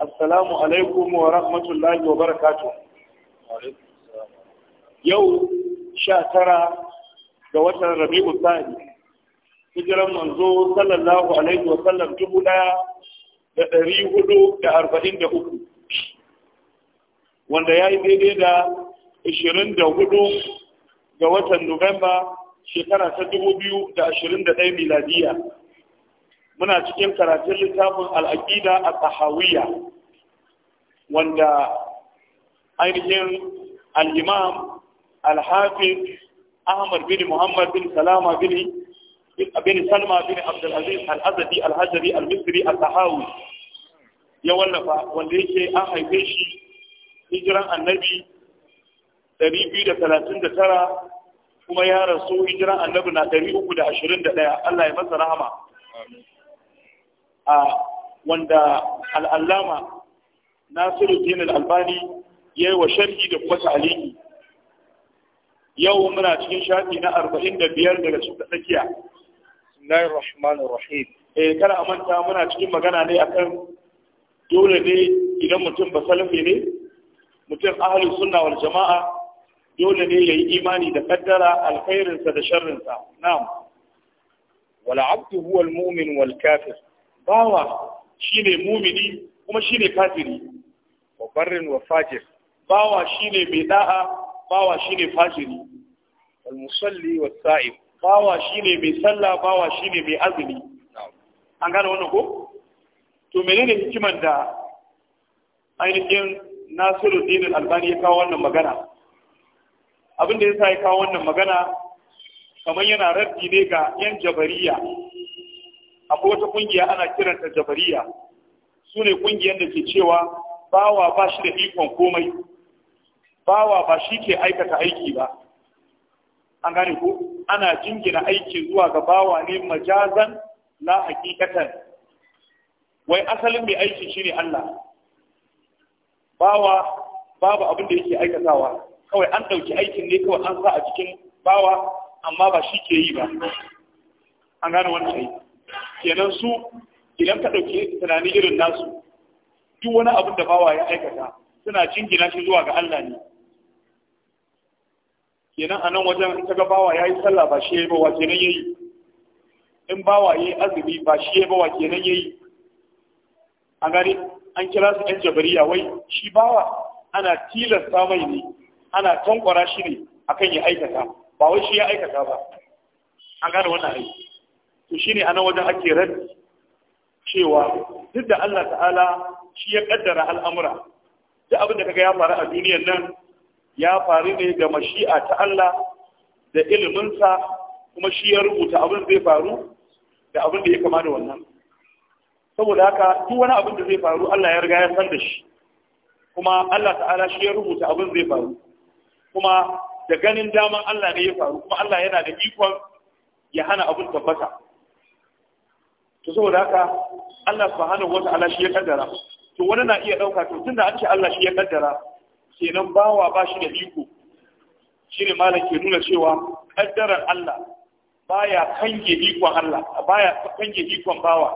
assalamu alaikum wa rahmatullahi wa barakatu yau sha tara ga watan rabi'u tsari hijiran manzo sallallahu alaihi wa sallam dubu ɗaya da ɗari hudu da arba'in da uku wanda ya yi daidai da ashirin da hudu ga watan nuwamba shekara ta dubu biyu da ashirin da ɗaya miladiya muna cikin karatun littafin al'aƙida a tsahawiyya wanda ainihin al'imam al-hafiz ahmad bin muhammad bin salama bin bin salma bin abdulaziz al-azadi al-hajari al-misri al-tahawi ya wallafa wanda yake an haife shi hijiran annabi 239 kuma ya rasu hijiran annabi na 321 Allah ya masa rahama a wanda al'allama nasiruddin albani ya yi wa sharhi da kuma ta'aliki yau muna cikin shafi na arba'in da biyar daga cikin tsakiya yi rahmanin rahim E, eh, kada a manta muna cikin magana ne akan dole ne idan mutum ba salafi ne mutum ahalin suna wal jama'a dole ne ya yi imani da kaddara alkhairinsa da sharrinsa Na, wal abdu huwa al mu'min wal kafir bawa shine mumini kuma shine kafiri wa barrin wa fajir bawa shine mai da'a bawa shine fajiri al musalli wa sa'ib bawa shine mai sallah bawa shine mai azumi an gane wannan ko to menene hikimar da ainihin Nasiruddin Al-Albani ya kawo wannan magana abin da yasa ya kawo wannan magana kamar yana raddi ne ga yan jabariya akwai wata kungiya ana kiranta jabariya su ne kungiyar da ke cewa bawa ba shi da ikon komai bawa ba shi ke aikata aiki ba an gane ko ana jingina aiki zuwa ga bawa ne majazan la hakikatan wai asalin mai aiki shine Allah bawa babu abin da yake aikatawa kawai an ɗauki aikin ne kawai an sa a cikin bawa amma ba shi ke yi ba an gane wani aiki kenan su idan ka ɗauki tunanin irin nasu duk wani abin da bawa ya aikata suna jingina shi zuwa ga Allah ne kenan anan nan wajen in ga bawa ya yi sallah ba shi ya yi ba wa kenan ya yi in bawa ya yi azumi ba shi ya yi ba wa kenan ya yi a gani an kira su ‘yan jabariya wai shi bawa ana tilasta mai ne ana tankwara shi ne akan ya aikata ba wai shi ya aikata ba an gane wannan aiki to shine anan wajen ake raddi cewa duk da Allah ta'ala shi ya kaddara al'amura duk abin da kaga ya faru a duniyar nan ya faru ne da mashi'a ta Allah da iliminsa kuma shi ya rubuta abin zai faru da abin da ya kama da wannan saboda haka duk wani abin da zai faru Allah ya riga ya san da shi kuma Allah ta'ala shi ya rubuta abin zai faru kuma da ganin daman Allah ne ya faru kuma Allah yana da ikon ya hana abin tabbata to saboda haka Allah subhanahu ta'ala shi ya kaddara to wani na iya dauka to tunda an ce Allah shi ya kaddara kenan bawa ba shi da iko shine malam ke nuna cewa kaddaran Allah baya kange ikon Allah baya kange ikon bawa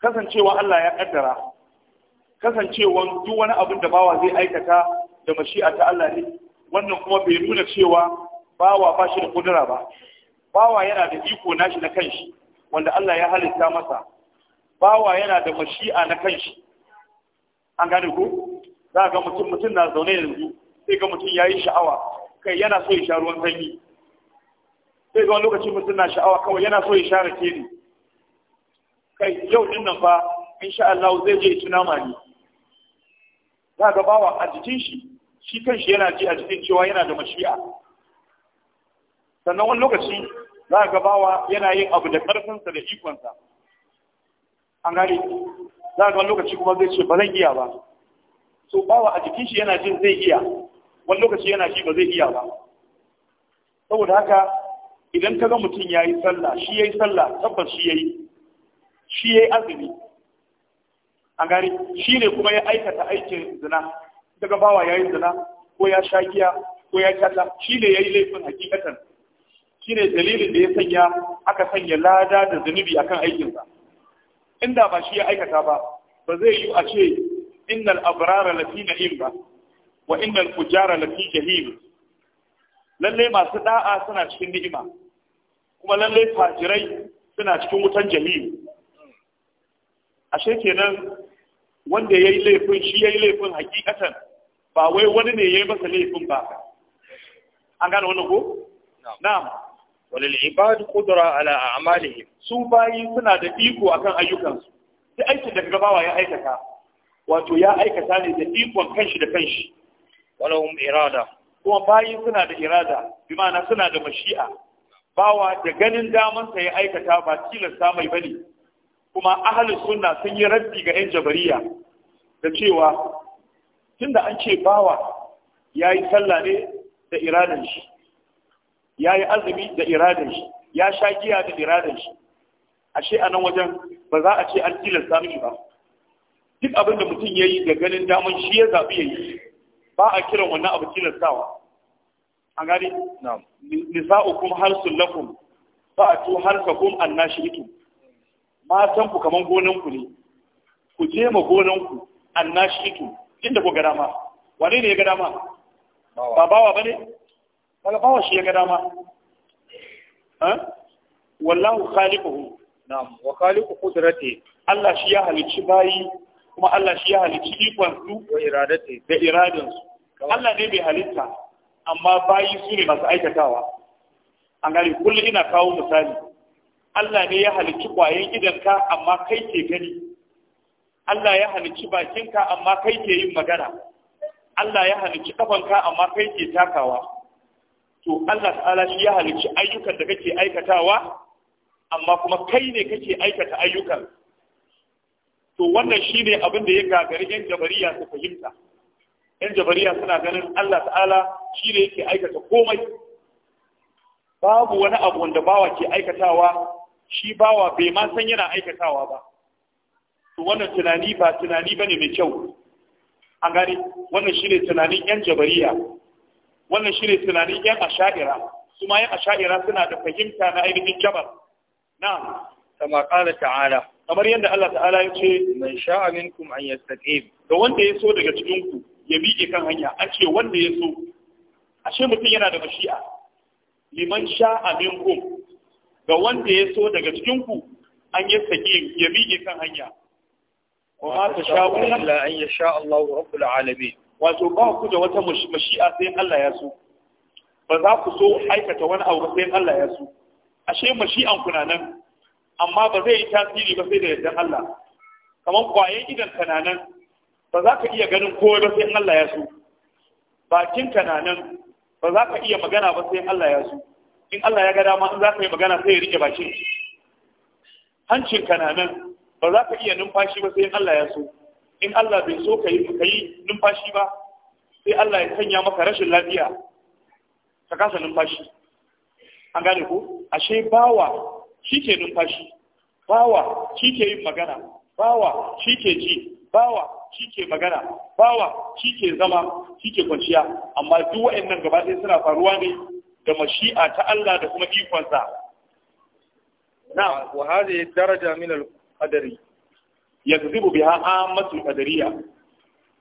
kasancewa Allah ya kaddara kasancewan duk wani abin da bawa zai aikata da mashi'a ta Allah ne wannan kuma bai nuna cewa bawa ba shi da kudura ba bawa yana da iko nashi na kanshi wanda Allah ya halitta masa bawa yana da mashi'a na kanshi an gane ku, za ga mutum mutum na zaune yanzu sai ga mutum yayi sha'awa kai yana so ya sha ruwan sanyi sai ga wani lokacin mutum na sha'awa kawai yana so ya sha rake ne kai yau din nan fa insha Allah zai je ci nama ne za ga bawa a jikin shi shi kanshi yana ji a jikin cewa yana da mashi'a sannan wani lokaci za ga bawa yana yin abu da ƙarfinsa da ikonsa an gane za ga wani lokaci kuma zai ce ba zai iya ba so bawa a jikin shi yana jin zai iya wani lokaci yana shi ba zai iya ba saboda haka idan ka ga mutum ya yi sallah shi ya yi sallah tabbas shi ya yi shi ya yi azumi an gane shi ne kuma ya aikata aikin zina daga bawa ya yi zina ko ya sha giya ko ya kyata shi ne ya yi laifin hakika Shi ne dalilin da ya sanya aka sanya lada da zunubi akan aikinsa inda ba shi ya aikata ba ba zai yi a ce innal abrara lafi na'im ba wa innal fujara lafi jahim lalle masu da'a suna cikin ni'ima kuma lalle fajirai suna cikin wutan jahim ashe kenan wanda yayi laifin shi yayi laifin hakikatan ba wai wani ne ya yi masa laifin ba an gane wannan ko na'am walil ibad qudra ala a'malihim su bayi suna da iko akan ayyukansu duk aikin da gabawa ya aikata wato ya aikata ne da ikon kanshi da kanshi walahum irada kuma bayi suna da irada bi ma'ana suna da mashi'a bawa da ganin damansa ya aikata ba tilasta samai bane kuma ahlus sunna sun yi raddi ga yan jabariya da cewa tunda an ce bawa ya yi sallah ne da iradan shi ya yi azumi da iradar shi ya sha giya da iradar shi ashe a nan wajen ba za a ce an tilasta mishi ba duk abin da mutum ya yi da ganin damar shi ya zaɓi ya yi ba a kiran wannan abu tilastawa an gani a harsun lakum fa'atu harsakum annashi'itum matan ku kaman gonan ku ne ku je ma gonan ku annashi'itum inda ku ga dama wane ne ya ga dama ba bawa bane kaga bawa shi ya ga dama wallahu khaliquhu na'am wa khaliqu qudrati Allah shi ya halicci bayi kuma Allah shi ya halicci ikon su wa iradati da iradan su Allah ne bai halitta amma bayi su ne masu aikatawa an gari kullum ina kawo misali Allah ne ya halicci kwayan idanka amma kai ke gani Allah ya halicci bakinka amma kai ke yin magana Allah ya halicci kafanka amma kai ke takawa to Allah ta'ala shi ya halicci ayyukan da kake aikatawa amma kuma kai ne kake aikata ayyukan to wannan shi ne abin da ya gagari yan jabariya su fahimta yan jabariya suna ganin Allah ta'ala shi ne yake aikata komai babu wani abu wanda bawa ke aikatawa shi bawa bai ma san yana aikatawa ba to wannan tunani ba tunani bane mai kyau an gane wannan shi ne tunanin yan jabariya wannan shi ne tunanin yan asha'ira su ma yan asha'ira suna da fahimta na ainihin jabar Na kama kala ta'ala kamar yadda Allah ta'ala ya ce mai sha'a kuma an yastaqim da wanda ya so daga cikin ku ya miƙe kan hanya an ce wanda ya so ashe mutum yana da mashi'a liman sha'a minkum ga wanda ya so daga cikin ku an yastaqim ya miƙe kan hanya wa ma tasha'una illa an yasha rabbul alamin wato ba ku da wata mashi'a sai Allah ya so ba za ku so aikata wani abu sai Allah ya so ashe mashi'an ku na nan amma ba zai yi tasiri ba sai da yardan Allah kamar kwayan idan ka na nan ba za ka iya ganin kowa ba sai Allah ya so bakin ka na nan ba za ka iya magana ba sai Allah ya so in Allah ya ga dama in za ka yi magana sai ya rike bakin hancin ka na nan ba za ka iya numfashi ba sai Allah ya so in Allah bai so ka yi numfashi ba sai Allah ya sanya maka rashin lafiya ka kasa numfashi an gane ko ashe bawa shi ke numfashi bawa shi ke yin magana bawa shi ke ji bawa shi ke magana bawa shi ke zama shi ke kwanciya amma duk wa'annan gaba ɗaya suna faruwa ne da mashi'a ta Allah da kuma ikonsa na wa hadhihi daraja min al-qadari yakzibu biha ammatul ƙadariya.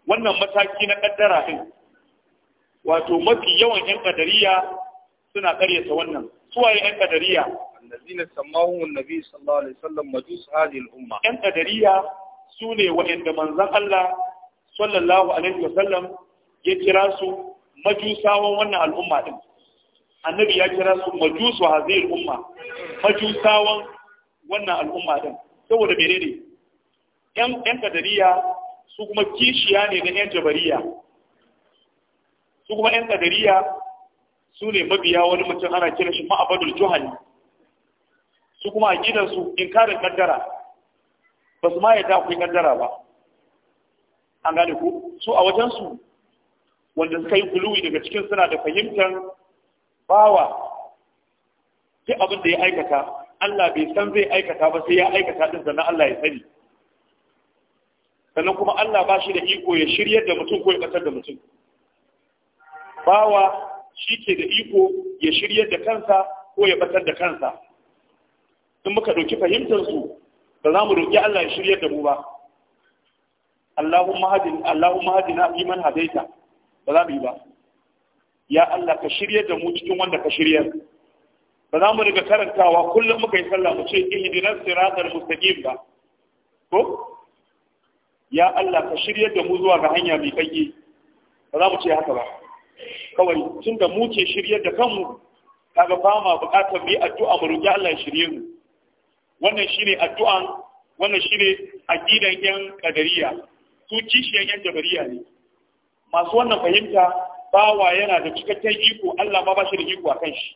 wannan mataki na kaddara ɗin, wato mafi yawan yan ƙadariya suna karyata wannan suwaye yan qadariyya allazina sammahu annabi sallallahu alaihi wasallam majus hadhihi al-umma yan su ne wa'anda manzon Allah sallallahu alaihi wasallam ya kira su majusawan wannan al'umma din annabi ya kira su majusu hadhihi al-umma majusawan wannan al'umma din saboda menene yan yan kadariya su kuma kishiya ne na yan jabariya su kuma yan kadariya su ne mabiya wani mutum ana kira shi ma'abadul juhani su kuma gidansu in inkarin kaddara ba su ma yadda akwai kaddara ba an gane ku su a wajensu wanda suka yi kuluwi daga cikin suna da fahimtar bawa duk abin da ya aikata Allah bai san zai aikata ba sai ya aikata din sannan Allah ya sani sannan kuma Allah ba shi da iko ya shirya da mutum ko ya kasar da mutum bawa shi ke da iko ya shirya da kansa ko ya batar da kansa in muka ɗauki fahimtarsu ba za mu roƙi Allah ya shirya da mu ba Allahumma hadin Allahumma hadina iman hadaita ba za mu yi ba ya Allah ka shirya da mu cikin wanda ka shiryar ba za mu riga karantawa kullum muka yi sallah mu ce ihdinas siratal mustaqim ba ko ya Allah ka shirya da mu zuwa ga hanya mai kage ba za mu ce haka ba kawai tun da mu ke shiryar da kanmu kaga ba ma bukatar mu yi addu'a mu roki Allah ya shirye mu wannan shine addu'an wannan shine aqidan yan kadariya su kishiyan yan jabariya ne masu wannan fahimta bawa yana da cikakken iko Allah ma ba shi da iko akan shi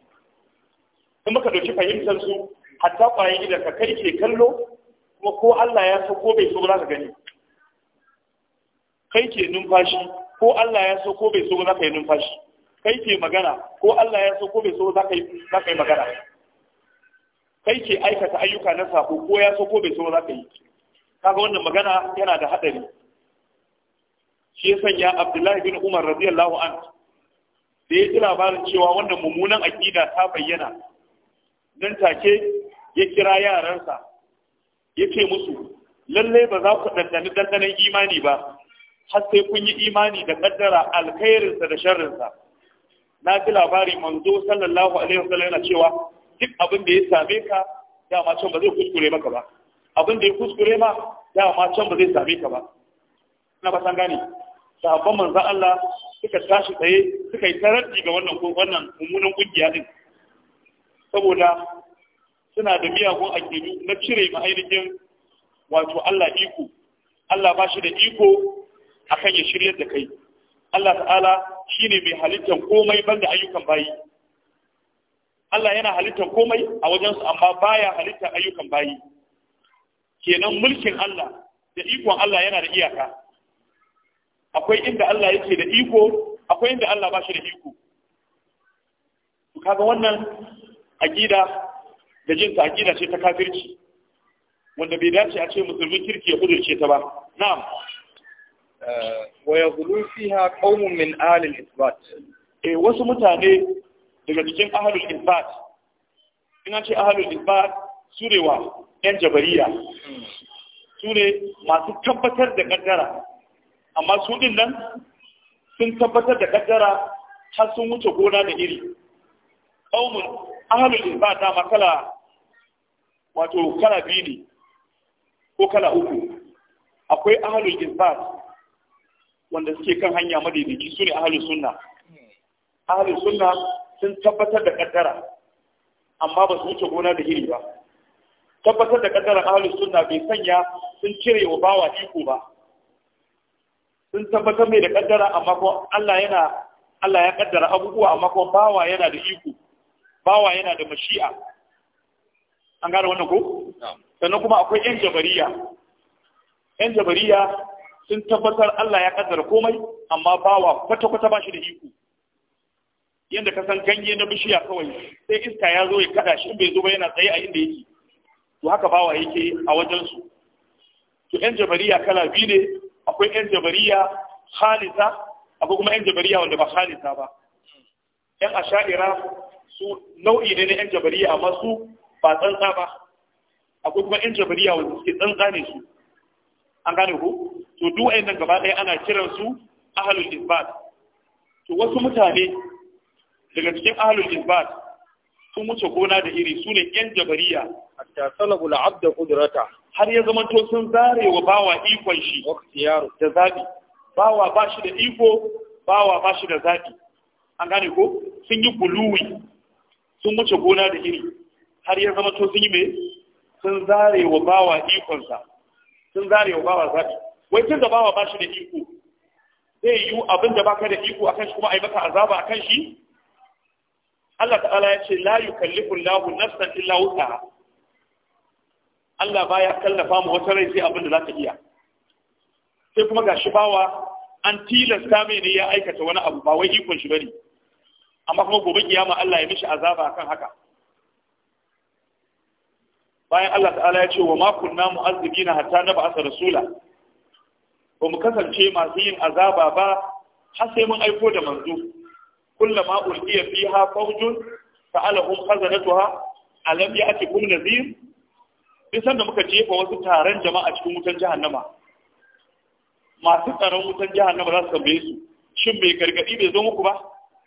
in muka dauki fahimtar su hatta kwayan gidan ka kai ke kallo kuma ko Allah ya so ko bai so za ka gani kai ke numfashi ko Allah ya so ko bai so za ka yi numfashi kai ke magana ko Allah ya so ko bai so za ka yi magana kai ke aikata ayyuka na sako ko ya so ko bai so za ka yi kaga wannan magana yana da hadari shi ya sanya Abdullahi bin Umar radiyallahu an da ya ji labarin cewa wannan mummunan aƙida ta bayyana nan take ya kira yaransa ya ce musu lallai ba za ku dandani dandanan imani ba har sai kun yi imani da kaddara alkhairinsa da sharrinsa na ji labari manzo sallallahu alaihi wasallam yana cewa duk abin da ya same ka dama can ba zai kuskure maka ba abin da ya kuskure ma dama can ba zai same ka ba na ba san gane sahabban manzo Allah suka tashi tsaye suka yi taraddi ga wannan wannan mummunan kungiya din saboda suna da miyagun akidu na cire ma ainihin wato Allah iko Allah ba shi da iko akan ya shiryar da kai Allah ta'ala shi ne mai halittar komai banda ayyukan bayi Allah yana halittar komai a wajensu amma baya halittar ayyukan bayi kenan mulkin Allah da ikon Allah yana da iyaka akwai inda Allah yake da iko akwai inda Allah ba shi da iko kaga wannan aqida da jin ta aqida ce ta kafirci wanda bai dace a ce musulmin kirki ya kudurce ta ba na'am Eh, wa yaghlu fiha qaumun min ahli isbat eh wasu mutane daga cikin ahli al-isbat ina ce ahli al-isbat surewa yan jabariya sure masu tabbatar da kaddara amma su din nan sun tabbatar da ƙaddara har sun wuce gona da iri qaumun ahli al-isbat da makala wato kala biyu ne ko kala uku akwai ahalul isbat wanda suke kan hanya madaidaici su ne ahalin sunna Ahalin sunna sun tabbatar da kaddara amma ba su wuce gona da iri ba tabbatar da kaddara ahalin sunna bai sanya sun cire wa bawa iko ba sun tabbatar mai da kaddara amma ko Allah yana Allah ya kaddara abubuwa amma ko bawa yana da iko bawa yana da mashi'a an gane wannan ko sannan kuma akwai yan jabariya yan jabariya sun tabbatar Allah ya kaddara komai amma bawa kwata-kwata ba shi da iko yadda ka san ganye na bishiya kawai sai iska ya zo ya kada shi bai zo ba yana tsaye a inda yake to haka bawa yake a wajen su to yan jabariya kala biyu ne akwai yan jabariya halisa akwai kuma yan jabariya wanda ba halisa ba yan asha'ira su nau'i ne na yan jabariya amma su ba tsantsa ba akwai kuma yan jabariya wanda suke tsantsa ne su an gane ku to duk wayannan gaba ɗaya ana kiran su ahlul isbat to wasu mutane daga cikin ahlul isbat sun wuce gona da iri su ne yan jabariya hatta salabu al-abd qudrata har ya zama to sun zare wa bawa ikon shi da zabi bawa ba shi da iko bawa ba shi da zabi an gane ko sun yi buluwi, sun wuce gona da iri har ya zama to sun yi me sun zare wa bawa ikonsa sun zare wa bawa zabi wai tun da bawa ba shi da iko zai yi abin da baka da iko akan shi kuma ai maka azaba akan shi Allah ta'ala ya ce la yukallifu Allahu nafsan illa wusaha Allah baya kallafa mu wata rai sai abin da za iya sai kuma gashi bawa an tilasta mai ne ya aikata wani abu ba wai ikon shi bane amma kuma gobe kiyama Allah ya mishi azaba akan haka bayan Allah ta'ala ya ce wa ma kunna mu'azzibina hatta naba'a rasula ba mu kasance masu yin azaba ba har sai mun aiko da manzo kullama ulqiya fiha fawjun fa'alahum khazanatuha alam ya'tikum nadhir san da muka jefa wasu taron jama'a cikin wutan jahannama masu tsaron wutan jahannama za su tambaye su shin bai gargadi bai zo muku ba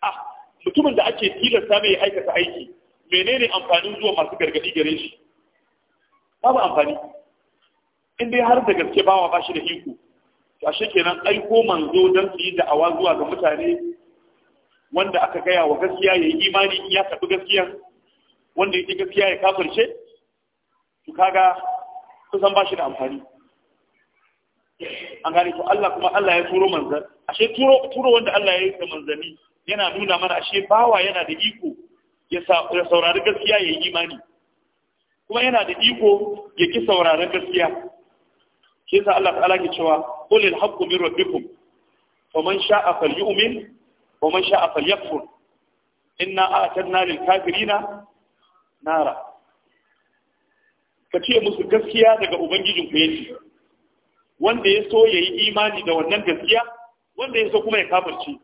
ah mutumin da ake tilasta mai aikata aiki menene amfanin zuwa masu gargadi gare shi babu amfani in dai har da gaske bawa ba shi da iko to ashe kenan aiko manzo don su yi da'awa zuwa ga mutane wanda aka gaya wa gaskiya ya yi imani in ya karɓi gaskiya wanda ya gaskiya ya kafirce to kaga kusan ba shi da amfani an gane to Allah kuma Allah ya turo manzan ashe turo turo wanda Allah ya yi da manzanni yana nuna mana ashe bawa yana da iko ya saurari gaskiya ya yi imani kuma yana da iko ya ki saurari gaskiya shi yasa Allah ta'ala ke cewa qul al haqqu min rabbikum faman sha'a falyu'min waman sha'a falyakfur inna a'tadna lil kafirina nara ka musu gaskiya daga ubangijin ku yake wanda ya so yayi imani da wannan gaskiya wanda ya so kuma ya kafirce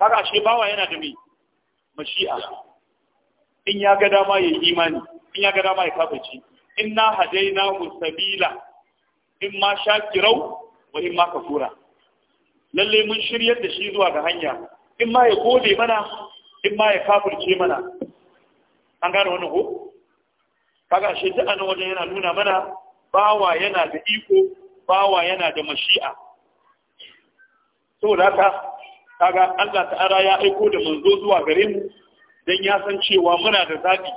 haka ashe bawa yana da mai mashi'a in ya ga dama yayi imani in ya ga dama ya kafirce inna hadaina musabila in ma sha kirau wa in ma ka kafura lalle mun shiryar da shi zuwa ga hanya in ma ya gode mana in ma ya kafirce mana an gane wannan ko kaga shi duk anan wajen yana nuna mana bawa yana da iko bawa yana da mashi'a saboda haka kaga Allah ta'ala ya aiko da manzo zuwa gare mu dan ya san cewa muna da zabi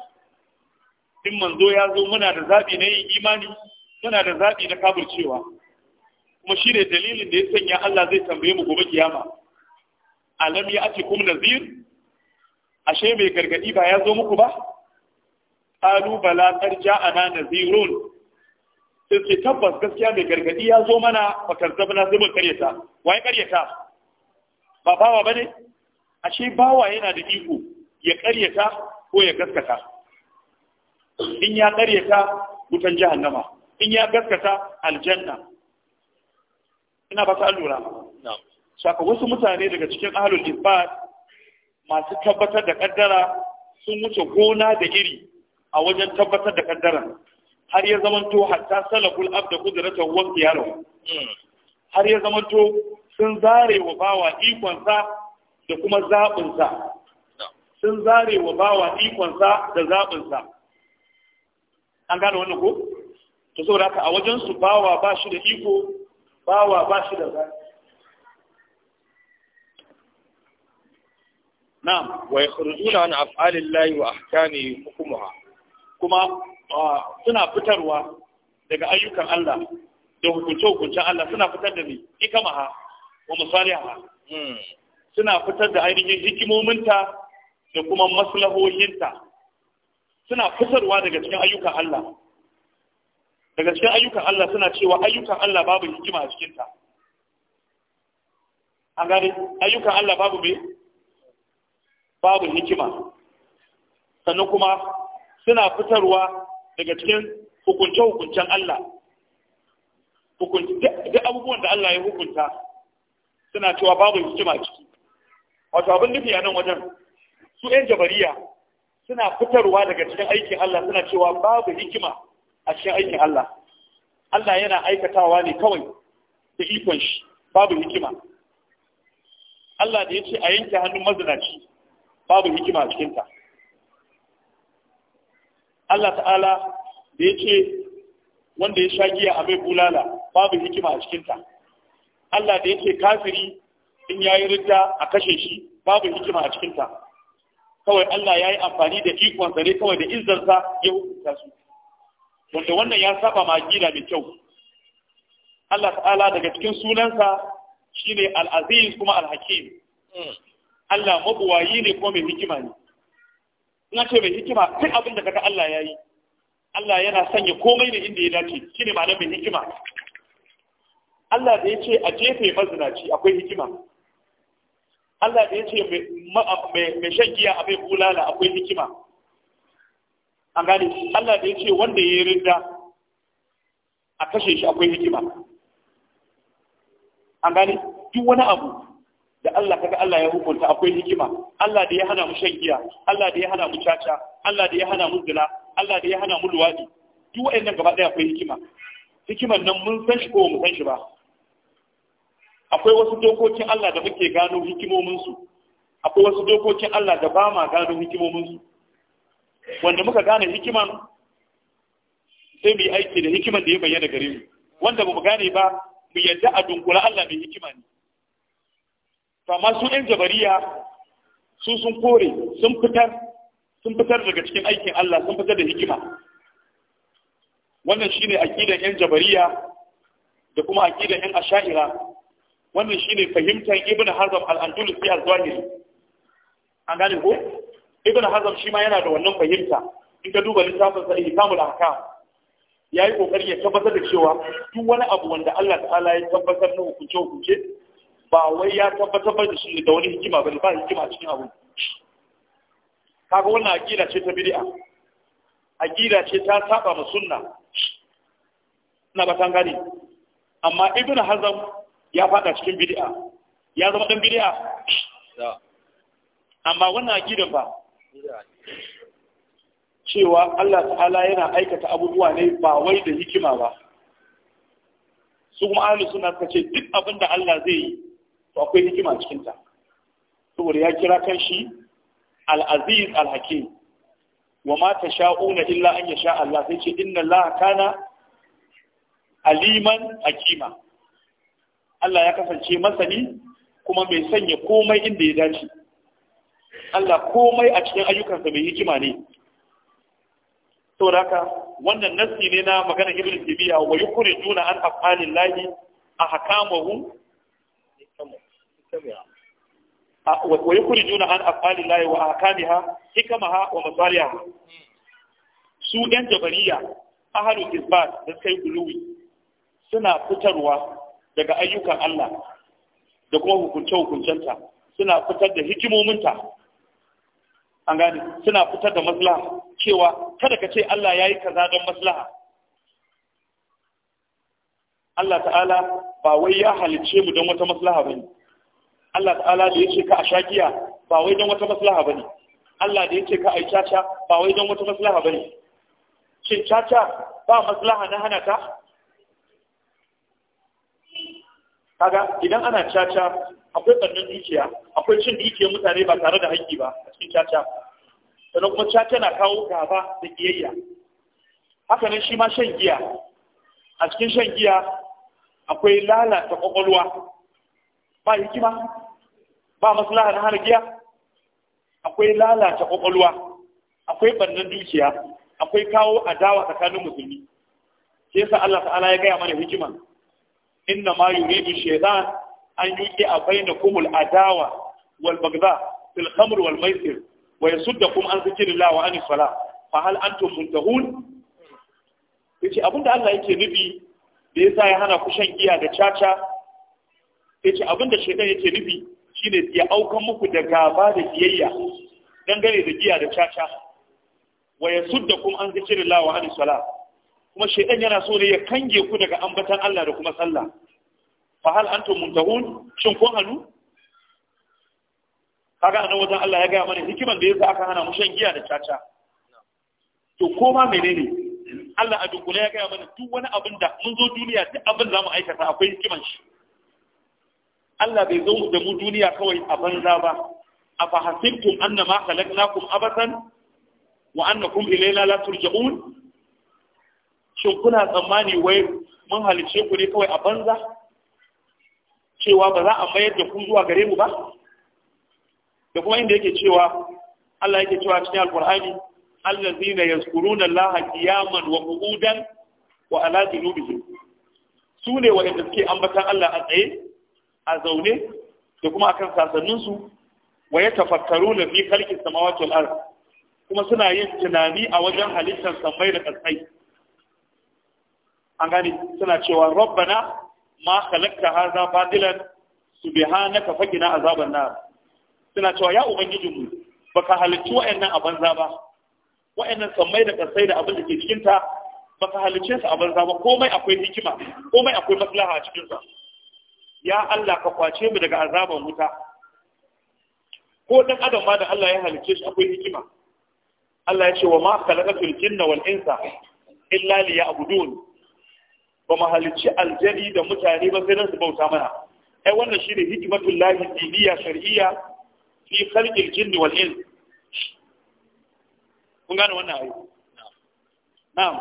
in manzo ya zo muna da zabi na yin imani muna da zaɓi na cewa. kuma shi ne dalilin da ya sanya Allah zai tambaye mu gobe kiyama alam ya ake kum nazir ashe mai gargadi ba ya zo muku ba alu bala qad nazirun sai ce tabbas gaskiya mai gargadi ya zo mana fa kazzabna sai mun karyata Wa ya karyata ba bawa ba ne? ashe bawa yana da iko ya karyata ko ya gaskata in ya karyata wutan jahannama in ya gaskata aljanna ina ba ta lura saka wasu mutane daga cikin ahlul ibad masu tabbatar da kaddara sun wuce gona da iri a wajen tabbatar da kaddara har ya zamanto hatta salakul abda qudratan wa qiyaru hmm. har ya zamanto sun zare wa bawa ikonsa da kuma sa sun zare wa bawa sa da zaɓinsa an gane wannan ko to saboda haka a wajen su bawa ba shi da iko bawa ba shi da zai wai wa yakhrujuna afalin af'alillahi wa ne hukumuwa kuma suna fitarwa daga ayyukan Allah da hukunce-hukuncen Allah suna fitar da ni ikamaha wa ha hmm. suna fitar da ainihin hikimominta da kuma maslahohinta suna fitarwa daga cikin ayyukan Allah daga cikin ayyukan Allah suna cewa ayyukan Allah babu hikima a cikinta an gari ayyukan Allah babu me babu hikima sannan kuma suna fitarwa daga cikin hukunce-hukuncen Allah duk abubuwan da Allah ya hukunta suna cewa babu hikima a ciki wato abin nufi a nan wajen su 'yan jabariya suna fitarwa daga cikin aikin Allah suna cewa babu hikima a cikin aikin Allah Allah yana aikatawa ne kawai da ikon shi babu hikima Allah da ya ce a yanke hannun mazinaci babu hikima a cikinta Allah ta'ala da ya ce wanda ya sha giya a mai bulala babu hikima a cikinta Allah da ya ce kafiri in ya yi ridda a kashe shi babu hikima a cikinta kawai Allah ya yi amfani da ikonsa ne kawai da izzarsa ya hukunta su wanda wannan ya saba ma gida mai kyau Allah ta'ala daga cikin sunansa shine al-aziz kuma al-hakim hmm. Allah mabuwayi ne kuma mai hikima ne ina ce mai hikima sai abin da kaga Allah ya yi Allah yana sanya komai ne inda ya dace shine malam mai hikima Allah da ya ce a jefe mazinaci akwai hikima Allah da ya ce mai shan giya abai bulala akwai hikima an gane Allah da ya ce wanda ya yi ridda a kashe shi akwai hikima an gane duk wani abu da Allah kaga Allah ya hukunta akwai hikima Allah da ya hana mu shan giya Allah da ya hana mu caca Allah da ya hana mu zina Allah da ya hana mu luwadi duk waɗannan gaba ɗaya akwai hikima hikiman nan mun san shi ko mu san shi ba akwai wasu dokokin Allah da muke gano hikimomin su akwai wasu dokokin Allah da ba ma gano hikimomin su wanda muka gane hikiman sai mu yi aiki da hikiman da ya bayyana gare mu wanda ba mu gane ba mu yadda a dunkula Allah mai hikima ne amma su ɗan jabariya su sun kore sun fitar sun fitar daga cikin aikin Allah sun fitar da hikima wannan shine aqidan yan jabariya da kuma aqidan ɗan asha'ira wannan shine fahimtar ibnu hazm al-andalusi al-zahiri an gane ko ibn hazm shi ma yana da wannan fahimta in ka duba littafin sa ihkamul ahkam yayi kokari ya tabbatar da cewa duk wani abu wanda Allah ta'ala ya tabbatar na hukunce hukunce ba wai ya tabbatar da shi da wani hikima bane ba hikima cikin abu kaga wannan aqida ce ta bid'a aqida ce ta saba ma sunna na batan gani amma ibn hazm ya fada cikin bid'a ya zama dan bid'a amma wannan aqidan ba cewa Allah ta'ala yana aikata abubuwa ne ba wai da hikima ba su kuma ahlus suna suka ce duk abin da Allah zai yi to akwai hikima cikin ta saboda ya kira kan shi al-aziz al-hakim wa ma tasha'una illa an yasha Allah sai ce inna Allah kana aliman hakima Allah ya kasance masani kuma mai sanya komai inda ya dace Allah komai a cikin ayyukansa mai hikima ne saboda haka wannan nassi ne na magana ibn tibiya wa yukhrijuna an a hakamahu wa an lahi wa ahkamiha hikamaha wa masariya su yan jabariya halin isbat da kai guluwi suna fitarwa daga ayyukan Allah da kuma hukunce hukuncenta suna fitar da hikimominta an gane suna fitar da maslaha cewa kada ka ce Allah ya yi kaza don maslaha Allah ta'ala ba wai ya halicce mu don wata maslaha ba ne. Allah ta'ala da ya ce ka a shagiya ba wai don wata maslaha ba ne. Allah da ya ce ka a caca ba wai don wata maslaha ba ne. shin caca ba maslaha na hana ta kaga idan ana caca akwai ɓarnar dukiya akwai cin dukiya mutane ba tare da haƙƙi ba a cikin caca sannan kuma caca na kawo gaba da ƙiyayya haka nan shi ma shan giya a cikin shan giya akwai lalata ƙwaƙwalwa ba hikima ba maslaha na hana giya akwai lalata ƙwaƙwalwa akwai ɓarnar dukiya akwai kawo adawa tsakanin musulmi sai sa Allah ta'ala ya gaya mana hikima inna ma yuridu shaytan an yuki a baina kumul adawa wal bagza fil khamr wal maisir wa yasuddakum an zikrillah wa an sala fa hal antum muntahun abinda Allah yake nufi da yasa ya hana ku shan giya da caca yace abinda shaitan yake nufi shine ya aukan muku da gaba da kiyayya dangane da giya da caca wa yasuddakum an zikrillah wa an sala kuma shaitan yana so ne ya kange ku daga ambatan Allah da kuma sallah fa hal antum muntahun shin kun hanu kaga anan wajen Allah ya gaya mana hikiman da yasa aka hana mu shan giya da caca to ko ma menene Allah a dunkule ya gaya mana duk wani abin da mun zo duniya duk abin za mu aikata akwai hikiman shi Allah bai zo da mu duniya kawai a banza ba a fahasibtum annama khalaqnakum abatan wa annakum ilayna la turja'un shin kuna tsammani wai mun halice ku ne kawai a banza cewa ba za a mayar da ku zuwa gare mu ba da kuma inda yake cewa Allah yake cewa cikin alkur'ani allazina yazkuruna allaha qiyaman wa qu'udan wa ala dhunubihim su ne wa'anda suke ambatan Allah a tsaye a zaune da kuma akan sasannin su wa yatafakkaruna fi khalqis samawati wal ardh kuma suna yin tunani a wajen halittar samai da kasai an gane suna cewa rabbana ma khalaqta hadha batilan subhanaka faqina azaban nar suna cewa ya ubangijinmu baka halicci wa'annan a banza ba wa'annan sammai da kasai da abin da ke cikin ta baka halicce su a banza ba komai akwai hikima komai akwai maslaha a cikin sa ya Allah ka kwace mu daga azaban wuta ko dan adam ma da Allah ya halicce shi akwai hikima Allah ya ce wa ma khalaqatul jinna wal insa illa liya'budun ba mu halicci aljani da mutane ba sai don su bauta mana ai wannan ne hikmatul lahi diniya shar'iyya fi khalqil jinni wal ins kun gane wannan ayi na'am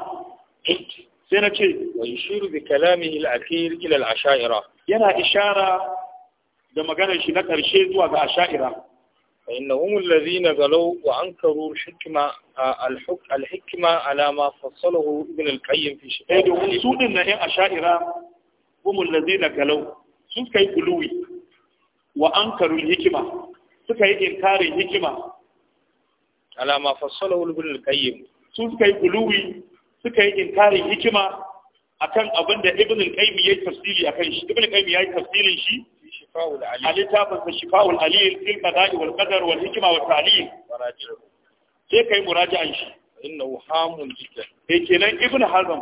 sai na ce wa yushiru bi kalamihi al-akhir ila al-ashaira yana ishara da maganar shi na karshe zuwa ga ashaira فإنهم الذين قالوا وأنكروا الحكمة الحكمة على ما فصله ابن القيم في شيء إيه سود إن أشاعرة هم الذين قالوا سود كي قلوي وأنكروا الحكمة سكي إنكار الحكمة على ما فصله ابن القيم سود كي قلوي سكي إنكار الحكمة akan abin da ibn al-qayyim yayi tafsiri akan shi ibn al-qayyim yayi tafsirin shi a littafin sa shifa'ul alil fil qada'i wal qadar wal hikma wal ta'lil sai kai muraji'an shi innahu hamun jiddan eh kenan ibnu hazm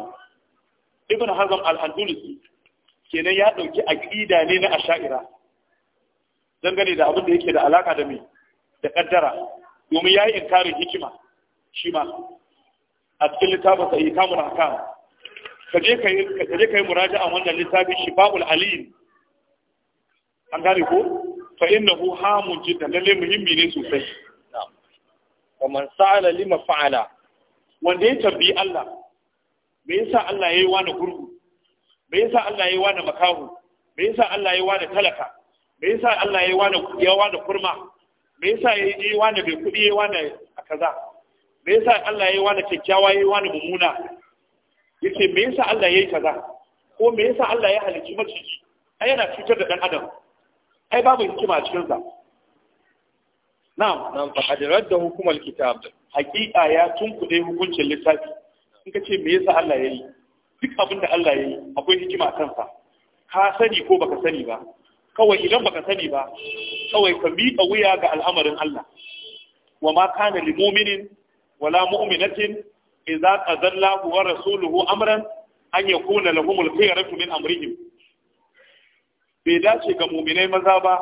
ibnu hazm al-andalusi kenan ya dauki aqida ne na asha'ira dangane da abin da yake da alaka da me da kaddara domin yayi inkarin hikima shi ma a cikin littafin sa ikamul ahkam kaje kai kaje kai muraji'an wannan littafin shifa'ul alil an gane ko fa innahu hamun jidda lalle muhimmi ne sosai wa man sa'ala lima fa'ala wanda ya tabbi Allah me yasa Allah yayi wani gurgu me yasa Allah yayi wani makahu me yasa Allah yayi wani talaka me yasa Allah yayi wani ya wani kurma me yasa yayi wani bai kudi yayi wani kaza me yasa Allah yayi wani kikkiawa yayi wani mumuna yace me yasa Allah yayi kaza ko me yasa Allah ya halicci maciji ai yana cutar da dan adam ai babu hikima a cikin sa na'am nan fa adrar da hukumar kitab hakika ya tunkuɗe hukuncin littafi in ka ce me yasa Allah yayi duk abin da Allah yayi akwai hikima a kansa ka sani ko baka sani ba kawai idan baka sani ba kawai ka miƙa wuya ga al'amarin Allah wa ma kana li mu'minin wala mu'minatin idza qadalla wa rasuluhu amran an yakuna lahumul khiyaratu min amrihim bai dace ga muminai maza ba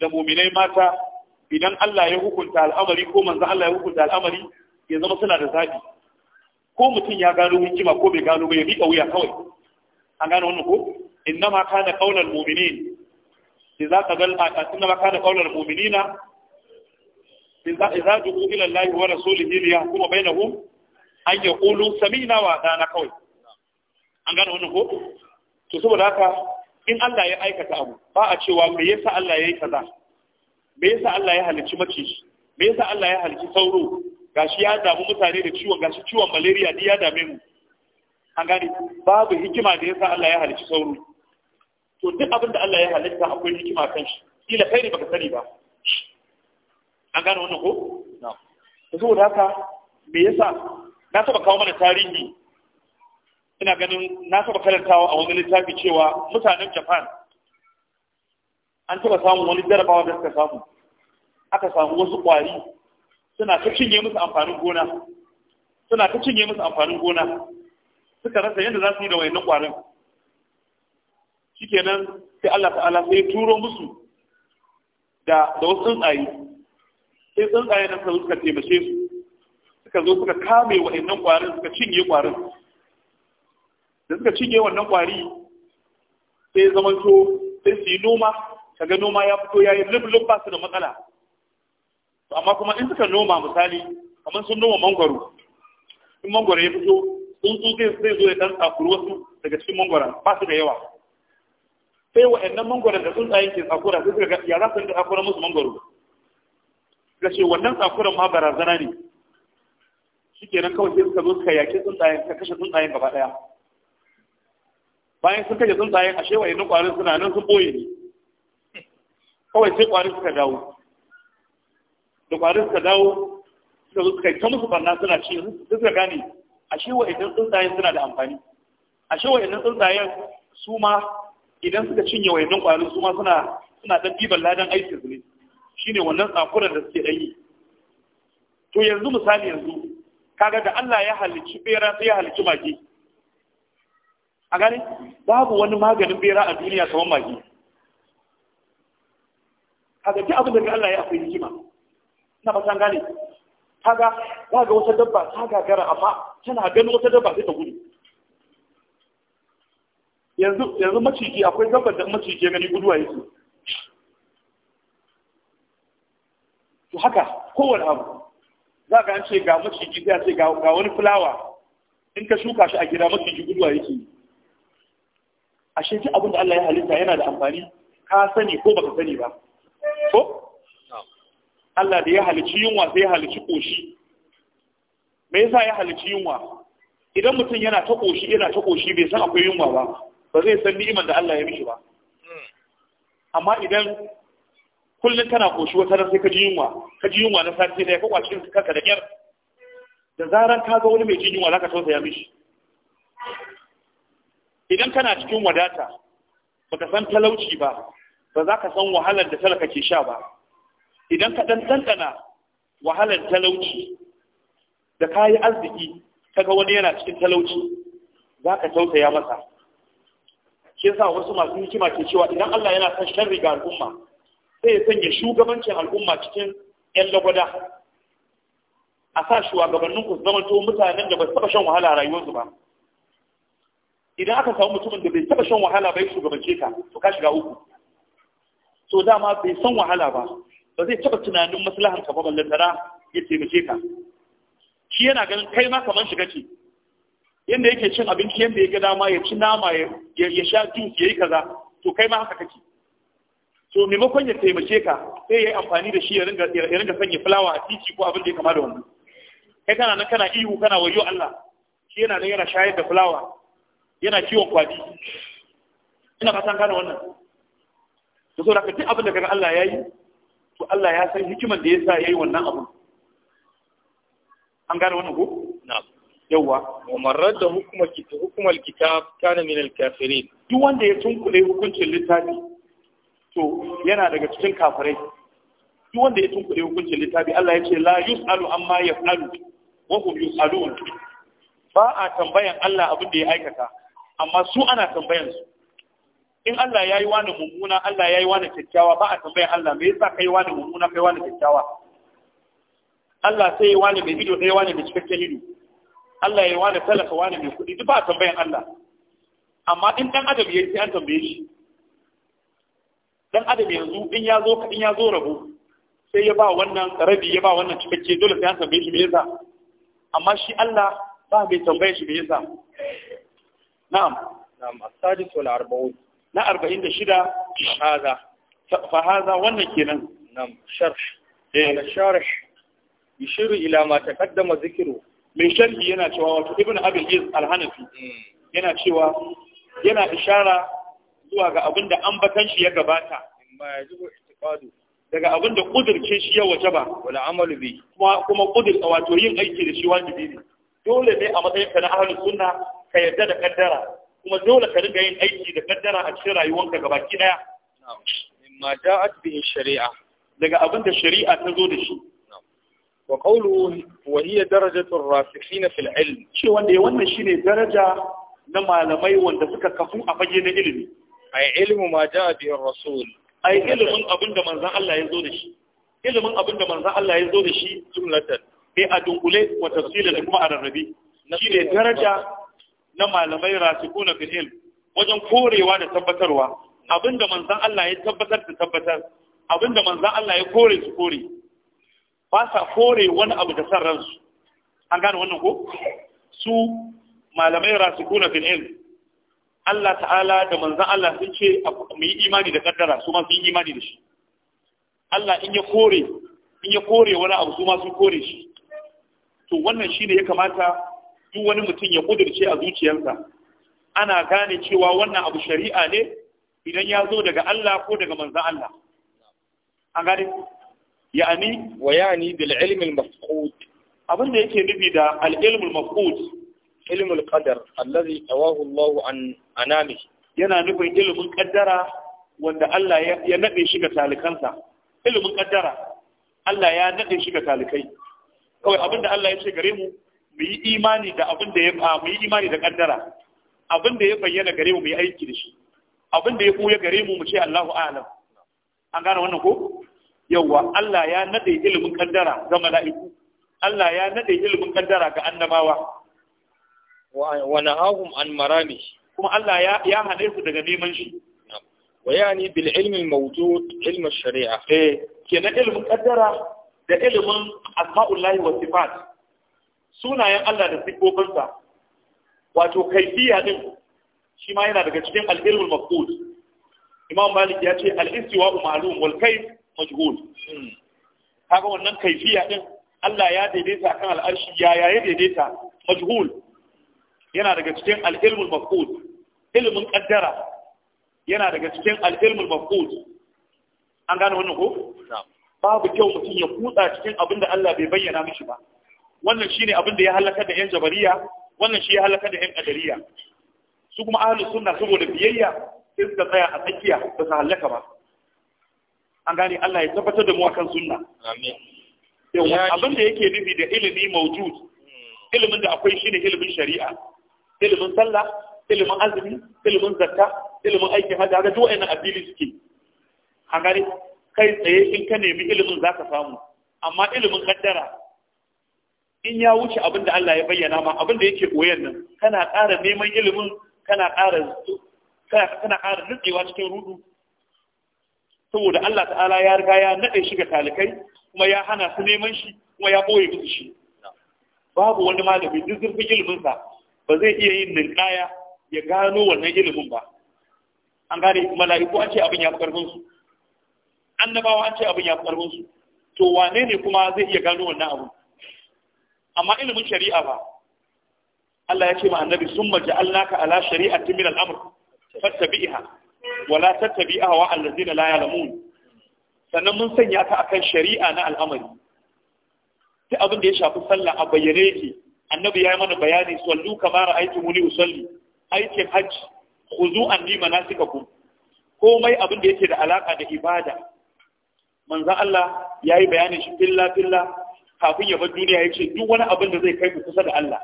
da muminai mata idan Allah ya hukunta al'amari ko manzo Allah ya hukunta al'amari ya zama suna da zabi ko mutum ya gano hikima ko bai gano ba ya bi wuya kawai an gano wannan ko innama kana qaulal mu'minin idza qadal innama kana qaulal mu'minina idza idza ju'u ila Allah wa rasulihi li yahkuma bainahum an yaqulu sami'na wa ata'na kawai an gano wannan ko to saboda haka in Allah ya aikata abu ba a cewa me yasa Allah ya yi kaza me yasa Allah ya halicci maciji me yasa Allah ya halicci sauro gashi ya damu mutane da ciwon gashi ciwon malaria ne ya dame mu an gane babu hikima da yasa Allah ya halicci sauro to duk abin da Allah ya halitta akwai hikima kan shi kila kai ne baka sani ba an gane wannan ko na'am saboda haka me yasa na saba kawo mana tarihi ina ganin na saba karantawa a wani littafi cewa mutanen japan an taba samun wani jarabawa da suka samu aka samu wasu kwari suna ta cinye musu amfanin gona suna ta cinye musu amfanin gona suka rasa yadda za su yi da wayannan kwarin shikenan sai Allah ta'ala sai ya turo musu da wasu tsuntsaye sai tsuntsaye nan suka taimake su suka zo suka kame wayannan kwarin suka cinye kwarin da suka cinye wannan kwari sai zamanto sai su yi noma kaga noma ya fito ya yi lublub ba su da matsala to amma kuma in suka noma misali kamar sun noma mangwaro in mangwaro ya fito tsuntsu zai zai zo ya dan tsakuri wasu daga cikin mangwaro, ba su da yawa sai wa'annan mangwaro da tsuntsayen ke tsakura sai suka ga ya za su yi tsakura musu mangwaro ga ce wannan tsakuran ma barazana ne kenan kawai sai suka zo suka yake tsuntsayen ka kashe tsuntsayen gaba ɗaya bayan sun kashe tsuntsayen ashe wa'annan ƙwarin suna nan sun ɓoye ne kawai sai ƙwarin suka dawo da ƙwarin suka dawo suka suka ta musu barna suna ci suka gane ashe wa'annan tsuntsayen suna da amfani ashe wa'annan tsuntsayen su ma idan suka cinye wa wa'annan ƙwarin su ma suna suna ɗan ɗiban ladan aikin su ne shine wannan tsakuran da suke ɗanyi to yanzu misali yanzu kaga da Allah ya halicci bera sai ya halicci mage a gani babu wani maganin bera a duniya kamar magi kaga duk abin da Allah ya akwai hikima ina ba san gane kaga kaga wata dabba ta gagara amma tana ganin wata dabba sai ta gudu yanzu yanzu maciji akwai dabbar da maciji gani guduwa yake to haka kowane abu za ka an ce ga maciji sai ce ga wani fulawa in ka shuka shi a gida maciji guduwa yake yi ashe duk abin da Allah ya halitta yana da amfani ka sani ko baka sani ba ko Allah da ya halici yunwa sai ya halici koshi me yasa ya halici yunwa idan mutum yana ta koshi yana ta koshi bai san akwai yunwa ba ba zai san ni'imar da Allah ya mishi ba hmm. amma idan kullun kana koshi wata ran sai ka ji yunwa ka ji yunwa na sati da ka kwaci kanka da kyar da zaran ka ga wani mai jin yunwa zaka tausaya mishi idan kana cikin wadata baka san talauci ba ba za ka san wahalar da talaka ke sha ba idan ka dan tantana wahalar talauci da ka yi arziki ga wani yana cikin talauci za ka tausaya masa shi yasa wasu masu hikima ke cewa idan Allah yana son shan riga al'umma sai ya sanya shugabancin al'umma cikin 'yan lagwada a sa shugabannin ku zama to mutanen da ba su taɓa shan wahala a rayuwarsu ba idan aka samu mutumin da bai taba shan wahala bai shugabance ka to ka shiga uku to dama bai san wahala ba ba zai taba tunanin maslahar ka ba tara ya taimake ka shi yana ganin kai ma kaman shiga ce yanda yake cin abinci yanda ya ga dama ya ci nama ya sha juice ya yi kaza to kai ma haka kake to maimakon ya taimake ka sai ya yi amfani da shi ya ringa sanya fulawa a titi ko abin da ya kama da wannan kai kana nan kana ihu kana wayo Allah shi yana nan yana shayar da fulawa yana kiwon kwabi ina fatan gane wannan to so da duk abin da kaga Allah ya yi to Allah ya san hikiman da yasa yayi wannan abu an gane wannan ko na'am yawa wa marar da hukumar kitab hukuma alkitab kana min alkafirin kafirin duk wanda ya tunkule hukuncin littafi to yana daga cikin kafirai duk wanda ya tunkule hukuncin littafi Allah ya ce la yus'alu amma yaf'alu wa hum yus'alun ba a tambayan Allah abin da ya aikata amma su ana tambayan su in Allah ya yi wani mummuna Allah ya yi wani kyakkyawa ba a tambayan Allah me yasa kai wani mummuna kai wani kyakkyawa Allah sai ya wani mai ido ya wani mai cikakken ido Allah ya yi wani talaka wani mai kuɗi duk ba a tambayan Allah amma in dan adam yayi sai an tambaye shi dan adam yanzu in ya zo in ya zo rabo sai ya ba wannan rabi ya ba wannan cikakke dole sai an tambaye shi me yasa amma shi Allah ba bai tambaye shi me yasa na'am na'am السادس sadis wal أربعين na 46 hada fa hada wannan kenan شرح sharh eh sharh yushiru ila ma taqaddama zikru mai sharhi yana cewa wato ibn abul iz al hmm. yana cewa yana ishara zuwa ga abinda ambatan shi ya gabata ma yajibu i'tiqadu daga da kudirce shi ya ba wala amalu bi kuma kuma kudir wato yin aiki da shi wajibi ne dole ne a matsayin ka na ahlus sunna ka yarda da kaddara kuma dole ka riga yin aiki da kaddara a cikin rayuwarka gabaki daya In ma ja'at bi shari'a daga abin da shari'a ta zo da shi wa qawluhu wa hiya darajatu ar-rasikhina fil ilm shi wanda wannan shine daraja na malamai wanda suka kafu a fage na ilimi ai ilmu ma ja'a bi ar-rasul ai ilimin abinda da manzon Allah ya zo da shi ilimin abin manzon Allah ya zo da shi jumlatan eh a dunkule wa tafsila da kuma a rarrabe ne daraja na malamai rasikuna fil ilm wajen korewa da tabbatarwa abinda manzon Allah ya tabbatar da tabbatar abinda manzon Allah ya kore su kore ba sa kore wani abu da san ransu an gane wannan ko su malamai rasikuna fil ilm Allah ta'ala da manzan Allah sun ce mu yi imani da kaddara su ma sun yi imani da shi Allah in ya kore in ya kore wani abu su ma sun kore shi to wannan shine ya kamata duk wani mutum ya kudirce a zuciyarsa ana gane cewa wannan abu shari'a ne idan ya zo daga Allah ko daga manzon Allah an gane ya'ani wa ya'ani bil ilm al mafqud abin da yake nufi da al ilm al mafqud ilm al qadar allazi tawahu Allah an anami yana nufin ilimin kaddara wanda Allah ya nade shi ga talikansa ilimin kaddara Allah ya nade shi ga talikai kawai abin da Allah ya ce gare mu mu yi imani da abin da ya mu yi imani da kaddara abin da ya bayyana gare mu mu yi aiki da shi abin da ya koya gare mu mu ce Allahu a'lam an gane wannan ko yawa Allah ya nade ilimin kaddara ga mala'iku Allah ya nade ilimin kaddara ga annabawa wa nahahum an marami kuma Allah ya ya hade su daga neman shi wa yani bil ilmi mawjud ilmi shari'a eh kenan ilmin kaddara da ilimin asma'ullahi wa sifat sunayen Allah da sifofinsa wato kaifiya din shi ma yana daga cikin al-ilmul imam malik ya ce al-istiwa'u ma'lum wal kayf majhul kaga wannan kaifiya din Allah ya daidaita kan al'arshi ya ya daidaita majhul yana daga cikin al-ilmul Ilimin ilmin qaddara yana daga cikin al-ilmul an gane wannan ko na'am babu kyau mutum ya kutsa cikin abin da Allah bai bayyana mishi ba wannan shine abin da ya halaka da yan jabariya wannan shi ya halaka da yan qadariya su kuma ahlus sunna saboda biyayya sai suka tsaya a tsakiya ba su halaka ba an gane Allah ya tabbatar da mu akan sunna amin abin da yake nufi da ilimi mawjud ilimin da akwai shine ilimin shari'a ilimin sallah ilimin azumi ilimin zakka ilimin aikin hajji haka duk wayannan abili suke an gane kai tsaye in ka nemi ilimin za ka samu amma ilimin kaddara in ya wuce abin da Allah ya bayyana ma abin da yake koyan nan kana ƙara neman ilimin kana ƙara kana ƙara nutsewa cikin rudu saboda Allah ta'ala ya riga ya nade shi ga talikai kuma ya hana su neman shi kuma ya boye musu shi babu wani malami duk zurfin ilimin sa ba zai iya yin ninkaya ya gano wannan ilimin ba an gane mala'iku a ce abin ya fi karfin su annabawa an ce abin ya su to wane ne kuma zai iya gano wannan abu amma ilimin shari'a ba Allah ya ce ma annabi Allah ka ala shari'atin min al-amr wa la tattabi'a wa allazina la ya'lamun sannan mun sanya ka akan shari'a na al'amari duk abin da ya shafi sallah a bayyane yake annabi ya yi mana bayani sallu kama ra'aytumuni usalli aikin hajji khuzu anni manasikakum komai abin da yake da alaka da ibada manzan Allah ya yi bayanin shi filla filla kafin ya bar duniya ya ce duk wani abin da zai kai ku kusa da Allah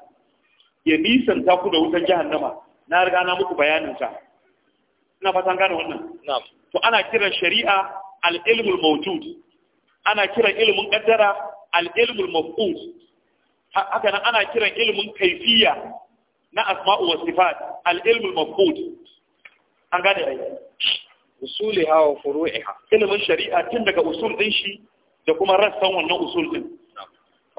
ya nisanta ku da wutan jahannama na riga na muku bayanin sa ina fatan gane wannan to ana kiran shari'a al-ilmul mawjud ana kiran ilmin qaddara al-ilmul mafqud haka nan ana kiran ilmin kaifiya na asma'u wa sifat al-ilmul mafqud an gane ai hawa furu'i ha ilimin shari'a tun daga usul din shi da kuma rassan wannan usul din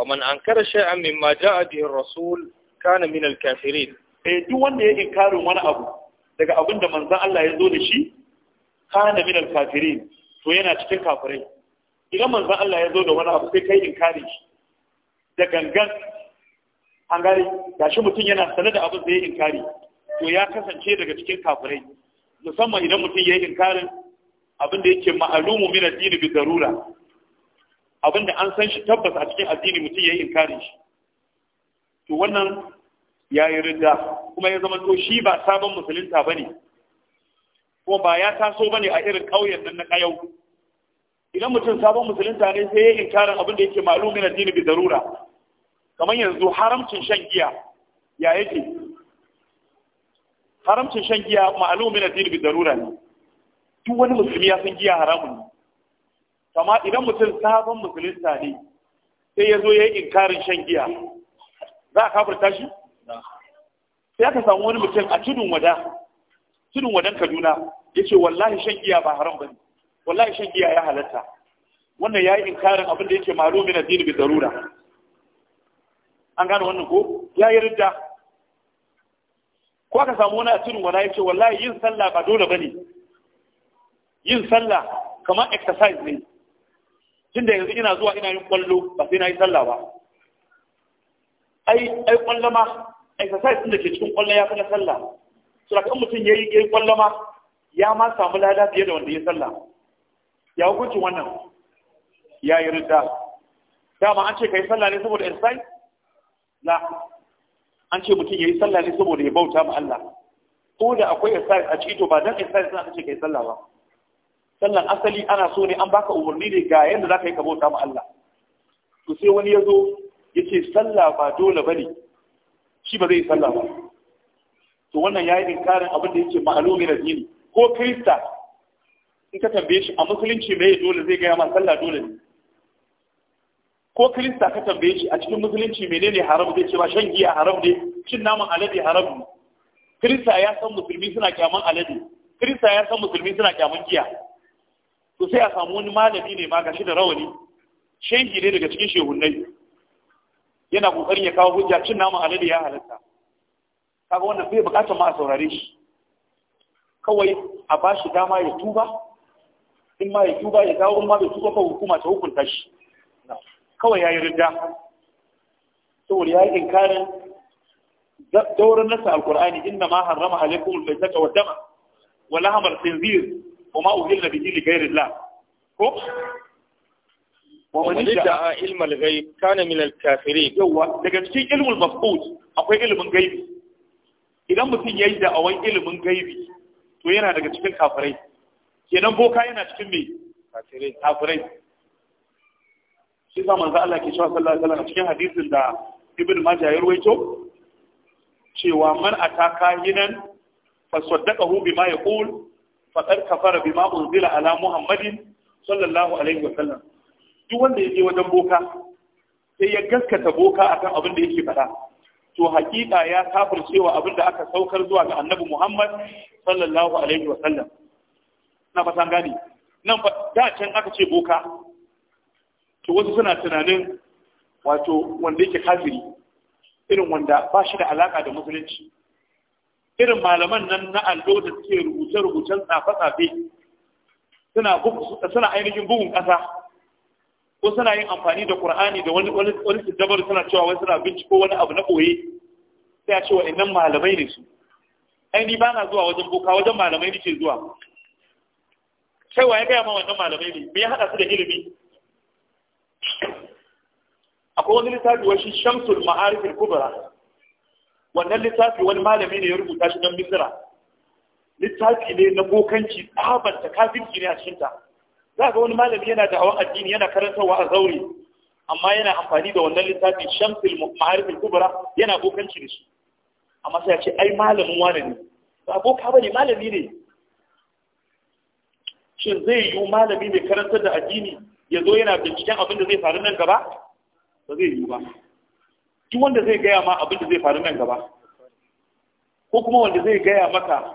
man ankara shay'an mimma ja'a bihi ar-rasul kana min al-kafirin eh duk wanda ya inkarin wani abu daga abin da manzon Allah ya zo da shi kana min al-kafirin to yana cikin kafirai idan manzon Allah ya zo da wani abu sai kai inkari shi da gangan an gari gashi mutum yana sanar da abin da ya inkari to ya kasance daga cikin kafirai musamman idan mutum ya yi inkarin abin da yake ma'alumu min addini bi darura abin da an san shi tabbas a cikin addini mutum ya yi inkarin shi to wannan ya yi rida kuma ya zama to shi ba sabon musulunta ba ne kuma ba ya taso ba ne a irin ƙauyen nan na ƙayau idan mutum sabon musulunta ne sai ya yi inkarin abin da yake ma'alumu min addini bi darura kamar yanzu haramcin shan giya ya yake haramcin shan giya ma'alum min addini bi darura ne duk wani musulmi ya san giya haramun ne amma idan mutum sabon musulunta ne sai ya zo ya yi inkarin shan giya za a kafirta shi sai aka samu wani mutum a tudun wada tudun wadan kaduna ya ce wallahi shan giya ba haram ba ne wallahi shan giya ya halatta wannan ya yi inkarin abin da yake malu min addini bi darura an gane wannan ko ya yi ridda ko aka samu wani a cikin wala ya ce wallahi yin sallah ba dole bane yin sallah kamar exercise ne tunda yanzu ina zuwa ina yin kwallo ba sai na yi sallah ba ai ai kwallo ma exercise din da ke cikin kwallo ya fi na sallah so da kan mutum yayi yayi kwallo ma ya ma samu lada fiye da wanda ya sallah ya hukunci wannan ya yi ridda dama an ce kai sallah ne saboda exercise la an ce mutum ya yi sallah ne saboda ya bauta ma Allah ko da akwai exercise a cikin to ba dan sai aka ce kai sallah ba sallan asali ana so ne an baka umarni ne ga yanda zaka ka yi ka bauta ma Allah to sai wani ya zo sallah ba dole ba shi ba zai sallah ba to wannan yayi yi inkarin abin da yake ma'alumi na dini ko krista in ka tambaye shi a musulunci mai dole zai gaya ma sallah dole ne ko kirista ka tambaye shi a cikin musulunci menene haram zai ce ba shan giya haram ne cin naman alade haram ne kirista ya san musulmi suna kyaman alade kirista ya san musulmi suna kyaman giya to sai a samu wani malami ne ma gashi da rawani giya ne daga cikin shehunnai yana kokarin ya kawo hujja cin naman alade ya halatta kaga wannan bai bukatar ma a saurare shi kawai a ba shi dama ya tuba in ma ya tuba ya dawo in ma bai tuba ka hukuma ta hukunta shi kawai ya yi ridda saboda ya yi inkarin daurin nasa alkur'ani inna ma harrama alaikum albaytaka wa dama wa lahamar sinzir wa ma uhilla bihi li ghairi Allah ko wa man da'a ilma al-ghaib kana min al-kafirin yawa daga cikin ilmul mafqud akwai ilimin gaibi idan mutum yayi da awan ilimin gaibi to yana daga cikin kafirai kenan boka yana cikin me kafirai shi sa manzo Allah ke cewa sallallahu alaihi wasallam cikin hadisin da Ibn Majah ya ruwaito cewa man ataka hinan fa saddaqahu bima yaqul faqad kafara bima unzila ala Muhammadin sallallahu alaihi wasallam duk wanda ya je wajen boka sai ya gaskata boka akan abin da yake faɗa to hakika ya cewa abin da aka saukar zuwa ga Annabi Muhammad sallallahu alaihi wasallam na fatan gani nan fa da can aka ce boka to wasu suna tunanin wato wanda yake kafiri irin wanda ba shi da alaka da musulunci irin malaman nan na allo da suke rubuce-rubucen tsafe-tsafe suna ainihin bugun ƙasa ko suna yin amfani da ƙur'ani da wani wani dabar suna cewa wani suna binciko wani abu na ɓoye, sai a ce wa'annan malamai ne su ai ni ba na zuwa wajen boka wajen malamai nake zuwa kai wa ya gaya ma wannan malamai ne me ya haɗa su da ilimi akwai wani littafi wa shi shamsul ma'arifin kubra wannan littafi wani malami ne ya rubuta shi don misira littafi ne na bokanci tsabar kafin kafirci ne a cikinta za ga wani malami yana da hawan addini yana karantarwa a zaure amma yana amfani da wannan littafi shamsul ma'arifin kubra yana bokanci da shi amma sai ya ce ai malamin wani ne ba boka ba ne malami ne shin zai yiwu malami mai karantar da addini ya zo yana binciken abin da zai faru nan gaba ba zai yiwu ba Ki wanda zai gaya ma abin da zai faru nan gaba ko kuma wanda zai gaya maka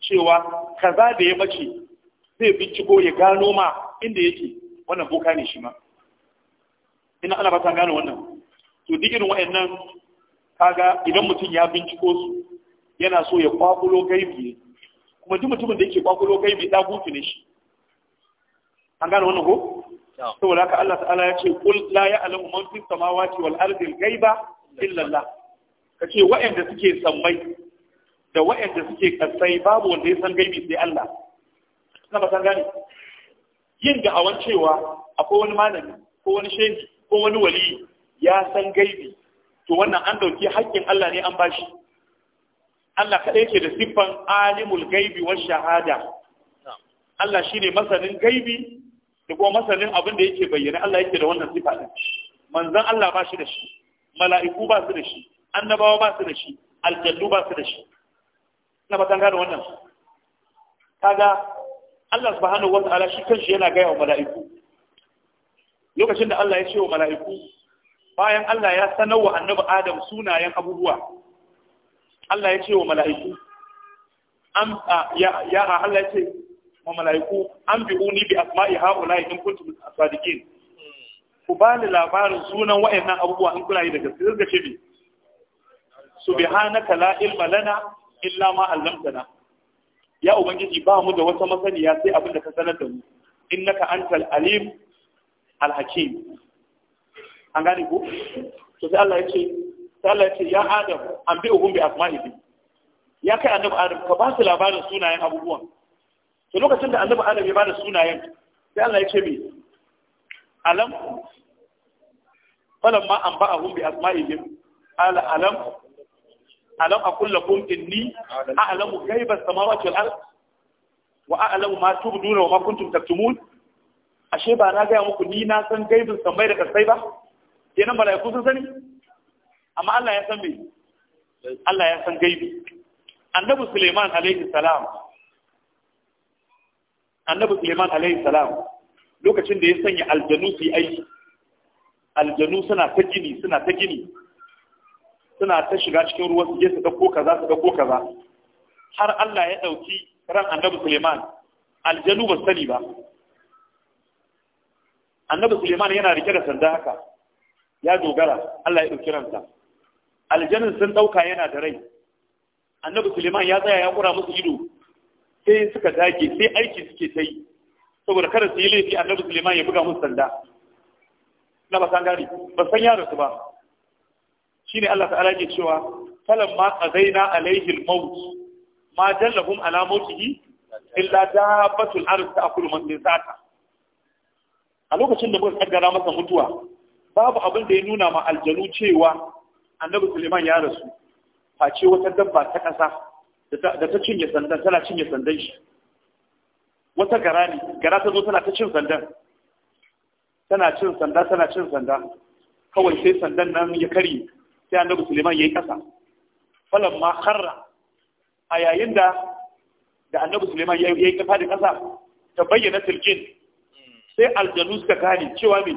cewa kaza da ya mace zai binciko ya gano ma inda yake wannan boka ne shi ma ina ana fata gano wannan to duk irin wayannan kaga idan mutum ya binciko su yana so ya kwakulo gaibi kuma duk mutumin da yake kwakulo gaibi da gutu ne shi an gano wannan ko saboda haka Allah ta'ala ya ce kul la ya'lamu man fis samawati wal ardi al ghaiba illa Allah kace wa'anda suke sammai da wa'anda suke kasai babu wanda ya san gaibi sai Allah na ba san gane yin da awan cewa akwai wani malami ko wani shehi ko wani wali ya san gaibi to wannan an dauki haƙƙin Allah ne an bashi Allah kaɗai yake da siffan alimul gaibi wa shahada Allah shine masanin gaibi da kuma masanin abin da yake bayyana Allah yake da wannan sifa din manzon Allah ba shi da shi mala'iku ba su da shi annabawa ba su da shi aljannu ba su da shi ina ba tanga da wannan kaga Allah subhanahu wata'ala shi kanshi yana gaya wa mala'iku lokacin da Allah ya ce wa mala'iku bayan Allah ya sanar wa annabi Adam sunayen abubuwa Allah ya ce wa mala'iku am ya ya Allah ya ce wa mala'iku an bi uni bi asma'i haula in kuntum sadiqin ku ba ni labarin sunan wa'annan abubuwa in kuna yi da gaske zai ce bi subhanaka la ilma lana illa ma 'allamtana ya ubangiji ba mu da wata masaniya sai abin da ka sanar da mu innaka antal alim al hakim an gane ku. to sai Allah ya ce sai Allah ya ce ya adam an bi uhum bi asma'ihi ya kai annabi adam ka ba su labarin sunayen abubuwan to lokacin da annabi adam ya bada sunayen sai Allah ya ce me alam falamma anba'ahum bi asma'ihim ala alam alam aqul lakum inni a'lamu ghaiba as-samawati wal ard wa a'lamu ma tubduna wa ma kuntum taktumun ashe ba na gaya muku ni na san gaibin samai da kasai ba kenan mala'iku sun sani amma Allah ya san me Allah ya san gaibi annabi Suleiman alaihi salam annabi suleiman alayhi salam lokacin da ya sanya aljanu su yi aiki aljanu suna ta gini suna ta gini suna ta shiga cikin ruwa su je su dauko kaza su ko kaza har Allah ya dauki ran annabi Suleiman aljanu ba sani ba annabi Suleiman yana rike da sanda haka ya dogara Allah ya dauki ransa aljanin sun dauka yana da rai annabi Suleiman ya tsaya ya kura musu ido sai suka dage sai aiki suke ta yi saboda kada su yi laifi Nabi suleiman ya buga musu sanda na ba san gari ba san yaro su ba shine Allah ta'ala ke cewa falan ma qadaina alaihi al-maut ma dallahum ala mautihi illa dabbatul ard ta'kulu min sa'ata a lokacin da muka kaddara masa mutuwa babu abin da ya nuna ma aljanu cewa annabi suleiman ya rasu face wata dabba ta ƙasa da ta cinye sandan tana cinye sandan shi wata gara ne gara ta zo tana ta cin sandan tana cin sanda tana cin sanda kawai sai sandan nan ya kari sai annabi suleiman ya yi ƙasa falan ma harra a yayin da da annabi suleiman ya yi kafa da ƙasa ta bayyana tilkin sai aljanu suka gane cewa me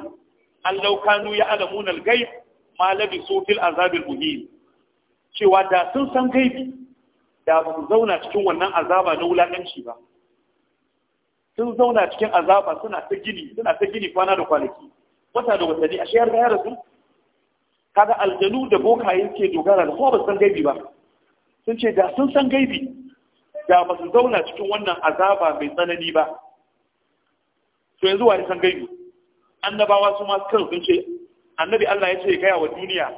allau kanu ya munar algai ma labi fil azabil muhim cewa da sun san gaibi da ba su zauna cikin wannan azaba na wulaƙanci ba sun zauna cikin azaba suna ta gini suna ta gini kwana da kwanaki wata da watanni a shayar da ya rasu kaga aljanu da bokaye ke dogara da kuma ba san gaibi ba sun ce da sun san gaibi da ba su zauna cikin wannan azaba mai tsanani ba to yanzu wani san gaibi annabawa su ma kan sun ce annabi Allah ya ce gaya wa duniya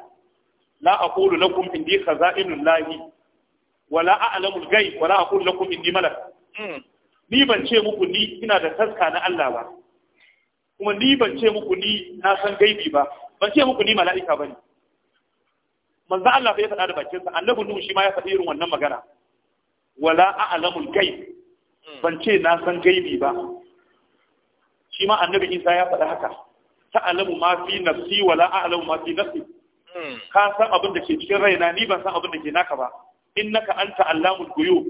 la aqulu lakum indi khaza'inul lahi wala a'lamul ghaib wala aqul lakum inni malak hmm. ni ban ce muku ni ina da taska na Allah ba kuma ni ban ce muku ni na san gaibi ba ban ce muku ni mala'ika bane manzo Allah bai faɗa da bakin sa annabi nuhu shi ma ya faɗi irin wannan magana wala a'lamul ghaib hmm. ban ce na san gaibi ba shi ma annabi Isa ya faɗa haka ta'lamu ma fi nafsi wala a'lamu ma fi nafsi hmm. ka san abin da ke cikin raina ni ban san abin da ke naka ba innaka anta allamul ghuyub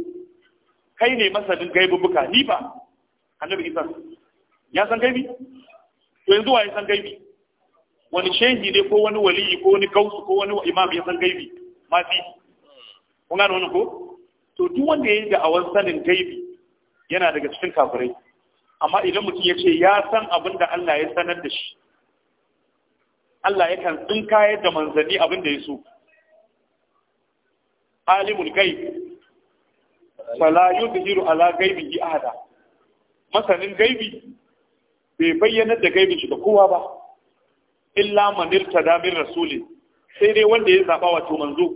kai ne masanin buka ni ba annabi isa ya san gaibi to yanzu wa ya san gaibi wani shehi ne ko wani waliyi ko wani gausu ko wani imam ya san gaibi ma fi kun gane wani ko to duk wanda ya yi da'awar sanin gaibi yana daga cikin kafirai amma idan mutum ya ce ya san abin da Allah ya sanar da shi Allah yakan tsinka da manzanni abin da ya so alimul gaib fala yudhiru ala gaibihi ahada masanin gaibi bai bayyana da gaibin shi ga kowa ba illa man irtada min rasuli sai dai wanda ya zaba wato manzo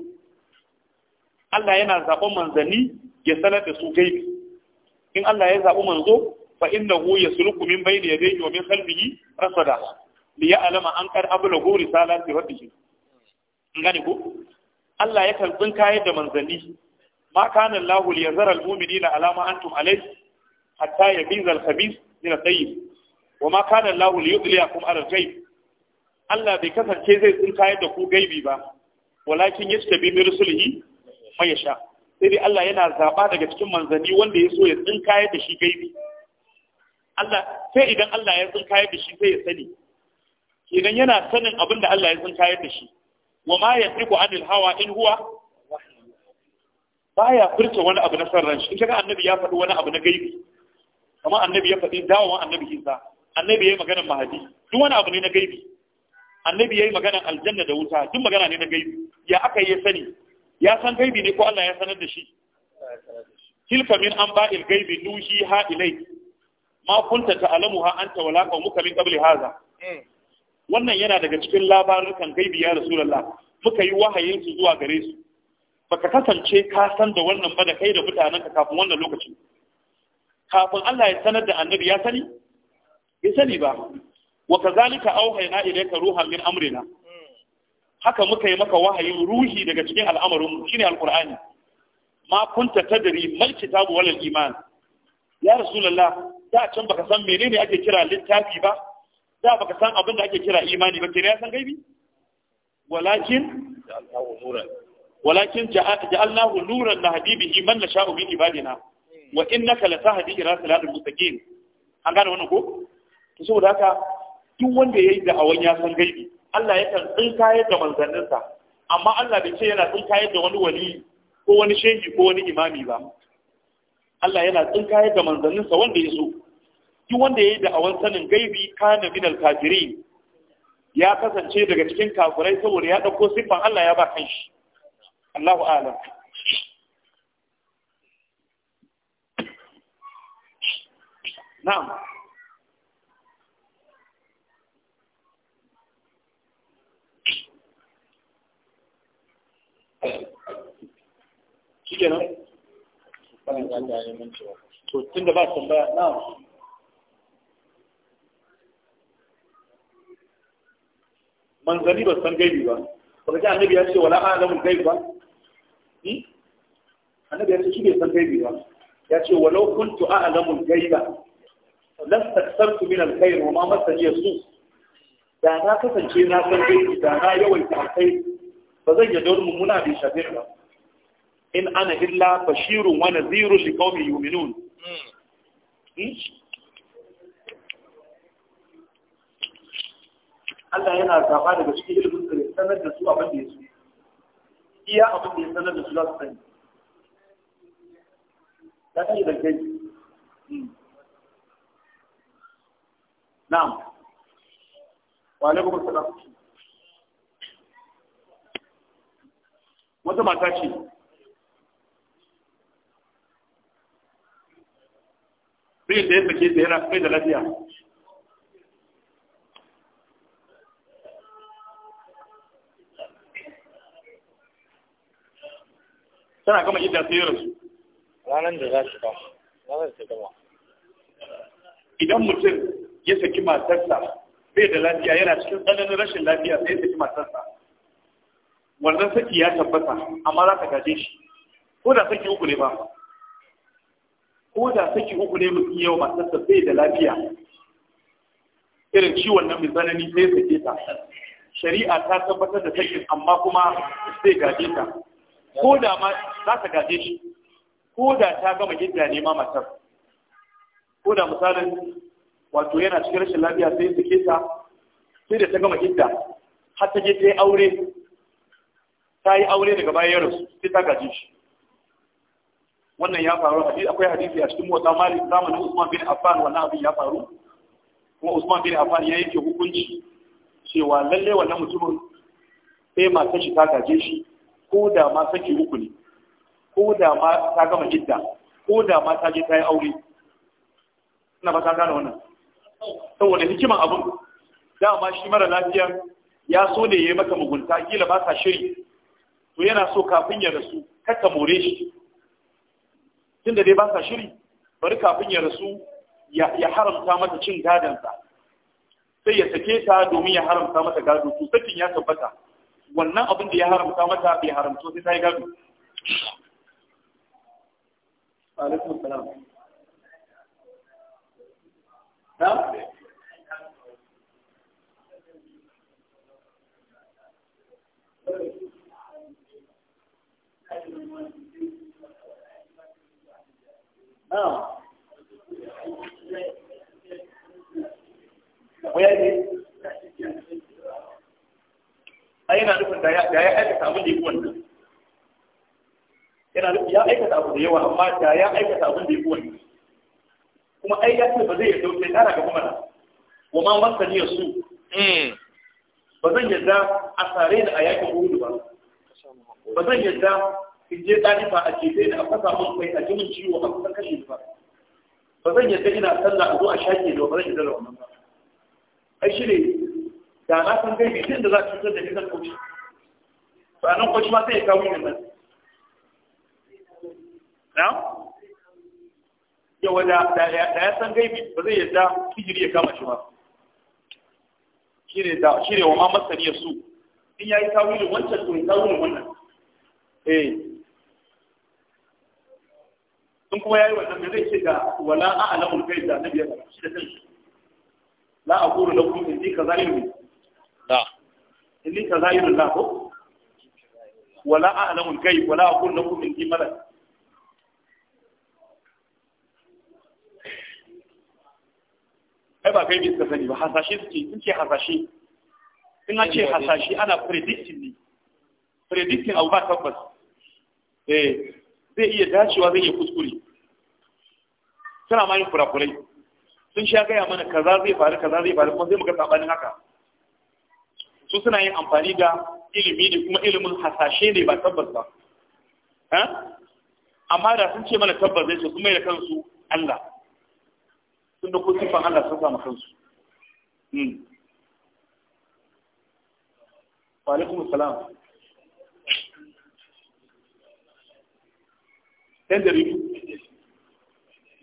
Allah yana zaɓan manzani ya sanar da su gaibi in Allah ya zaɓi manzo fa innahu yasluku min bayni yadayhi wa min khalfihi rasada liya'lama an qad ablaghu risalati rabbihi in ko Allah ya kan tsinkayar da manzanni ma kana Allah li yazara al-mu'minina ala ma antum alayhi hatta yabiza al-khabith min at-tayyib wa ma kana Allah li yudliyakum ala al-ghaib Allah bai kasance zai tsinkayar da ku gaibi ba walakin yastabi bi rusulihi mai yasha sai dai Allah yana zaba daga cikin manzanni wanda ya so ya tsinkayar da shi gaibi Allah sai idan Allah ya tsinkayar da shi sai ya sani idan yana sanin abin da Allah ya tsinkayar da shi wa ma yantiqu anil hawa in huwa ya furta wani abu na san ranshi in kaga annabi ya faɗi wani abu na gaibi kamar annabi ya faɗi dawowan annabi Isa annabi yayi magana mahadi duk wani abu ne na gaibi annabi yayi magana aljanna da wuta duk magana ne na gaibi ya aka yi sani ya san gaibi ne ko Allah ya sanar da shi tilka min anba'il gaibi nuhi ha ilai ma kunta ta'lamuha anta wala qaumuka min qabli hadha eh. wannan yana daga cikin labarukan gaibi ya rasulullah muka yi wahayin su zuwa gare su baka kasance ka san da wannan ba da kai da mutanenka kafin wannan lokaci kafin Allah ya sanar da annabi ya sani ya sani ba wa kazalika auhayna ilayka ruha min amrina haka muka yi maka wahayin ruhi daga cikin al'amarin shine alqur'ani ma kunta tadri mal kitabu wal iman ya rasulullah da can baka san menene ake kira littafi ba da baka san abin da ake kira imani ba ke ya san gaibi walakin walakin ja'alnahu nuran habibi iman la sha'u bi ibadina wa innaka tahdi ila siratal mustaqim an gane wannan ko to saboda haka duk wanda yayi da awan ya san gaibi Allah yakan tsinkayar da manzanninsa amma Allah bai ce yana tsinkayar da wani wali ko wani shehi ko wani imami ba Allah yana tsinkayar da manzanninsa wanda ya so duk wanda ya yi da awan sanin gaibi kana min al-kafirin ya kasance daga cikin kafirai saboda ya dauko siffan Allah ya ba kan shi Allahu a'lam na'am shi kenan to tun ba tambaya na'am manzanni ba san gaibi ba ba ga annabi ya ce wala a'lamu gaibi ba ni annabi ya ce shi bai san gaibi ba ya ce walau kuntu a'lamu gaiba lastaktartu min alkhair wa ma masani yasu da na kasance na san gaibi da na yawaita alkhair ba zan yi daurin mummuna bai shafe ba in ana illa bashirun wa nadhirun liqaumin yu'minun hmm. Allah yana zaba daga cikin ilimin sa sanar da su abin da ya iya abin da ya sanar da su za su sani ta kai da kai na'am wa alaikum su wata mata ce bai da ya sake da yana kai da lafiya tana gama idda sai rasu ranar da za su ba ranar da gama idan mutum ya saki matarsa bai da lafiya yana cikin tsananin rashin lafiya sai ya saki matarsa wannan saki ya tabbata amma za ka gaje shi ko da saki uku ne ba ko da saki uku ne mutum yau matarsa bai da lafiya irin ciwon nan mai tsanani sai ya sake ta shari'a ta tabbatar da sakin amma kuma sai gaje ta ko da ma za ta gaje shi ko da ta gama gidda ne ma matar ko da misalin wato yana cikin rashin lafiya sai suke sa sai da ta gama gidda har ta je ta yi aure ta yi aure daga bayan yaro sai ta gaje shi wannan ya faru hadisi akwai hadisi a cikin motsa malik zamanin usman bin affan wannan abin ya faru kuma usman bin affan ya yanke hukunci cewa lalle wannan mutumin sai matar shi ta gaje shi ko da ma saki uku ne ko da ma ta gama idda ko da ma ta je ta aure ina ba ta gane wannan saboda hikiman abun dama shi mara lafiya ya so ne ya yi maka mugunta kila ba sa shiri to yana so kafin ya rasu ka more shi tunda dai ba sa shiri bari kafin ya rasu ya haramta mata cin gadonsa. sai ya sake ta domin ya haramta mata gado to sakin ya tabbata wannan abin da ya haramta mata bai haramto sai ta yi gado alaikum Where is it? ai yana nufin da ya aikata abin da ya wannan yana nufin ya aikata abu da yawa amma da ya aikata abin da ya fi wannan kuma ai ya ce ba zai yarda sai tara ga mana wa ma masani su hmm. ba zan yarda a sare ni a yakin Uhud ba ba zan yarda in je ɗalifa a jefe da a fasa min kai a ji jimin ciwo a kusan kashe ba ba zan yarda ina sallah a zo a shaƙe da ba zan yarda da wannan ba ai shi ne da na san gaibi din da za ka cutar da ni zan kauce ba nan kwaci ma sai ya kawo min nan na yawa da da ya san gaibi ba zai yadda hijiri ya kama shi ba shine da shine wa ma masani su in yayi tawili wancan to ya tawili wannan eh in kuma yayi wannan da zai ce ga wala a'lamul ghaib da nabi ya shi da kanshi la aqulu lakum indi kaza ilmi inni kazairullah ko wala أعلم الكيف wala أقول لكم من malak ملك ba kai suka sani ba hasashe suke in ce hasashe in an ce hasashe ana predictin ne predictin abu ba tabbas eh zai iya dacewa zai iya kuskure suna ma yin kurakurai sun sha gaya mana kaza zai faru kaza zai faru kuma zai muka sabanin haka su suna yin amfani da ilimi ne kuma ilimin hasashe ne ba tabbas ba amma da sun ce mana tabbas zai ce sun mai da kansu Allah sun da kusufan Allah sun samu kansu hmm. wa salam ɗan jaridu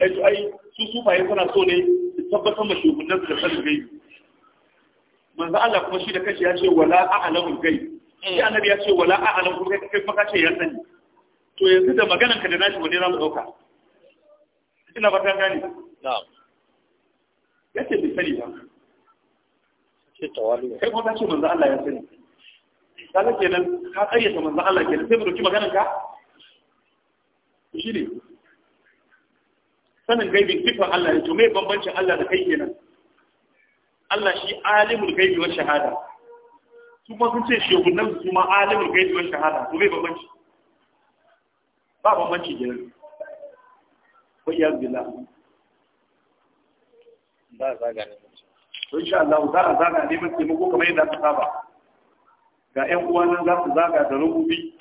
ai su sufaye suna so ne tabbatar ma shugunan da sanin manzo Allah kuma shi da kashi ya ce wala a'lamul gai. shi eh. annabi ya ce wala a'lam gai kai kuma ka ce ya sani to yanzu da maganar ka da nashi wani zamu dauka ina ba ta gani. na'am yace bi sani ba ce tawali kai kuma ka ce manzo Allah ya sani kaga kenan ka ta manzo Allah kenan sai mu dauki maganar ka shi ne sanin gaibin kifin Allah ne to me bambancin Allah da kai kenan Allah shi alimul gaibi wa shahada su ma sun ce shugunan su ma alimul gaibi wa shahada to bai bambanci ba bambanci gidan wayyar bila ba zaga ne to insha Allah za a zaga neman ko kamar yadda aka saba ga ƴan uwan nan za su zaga da rububi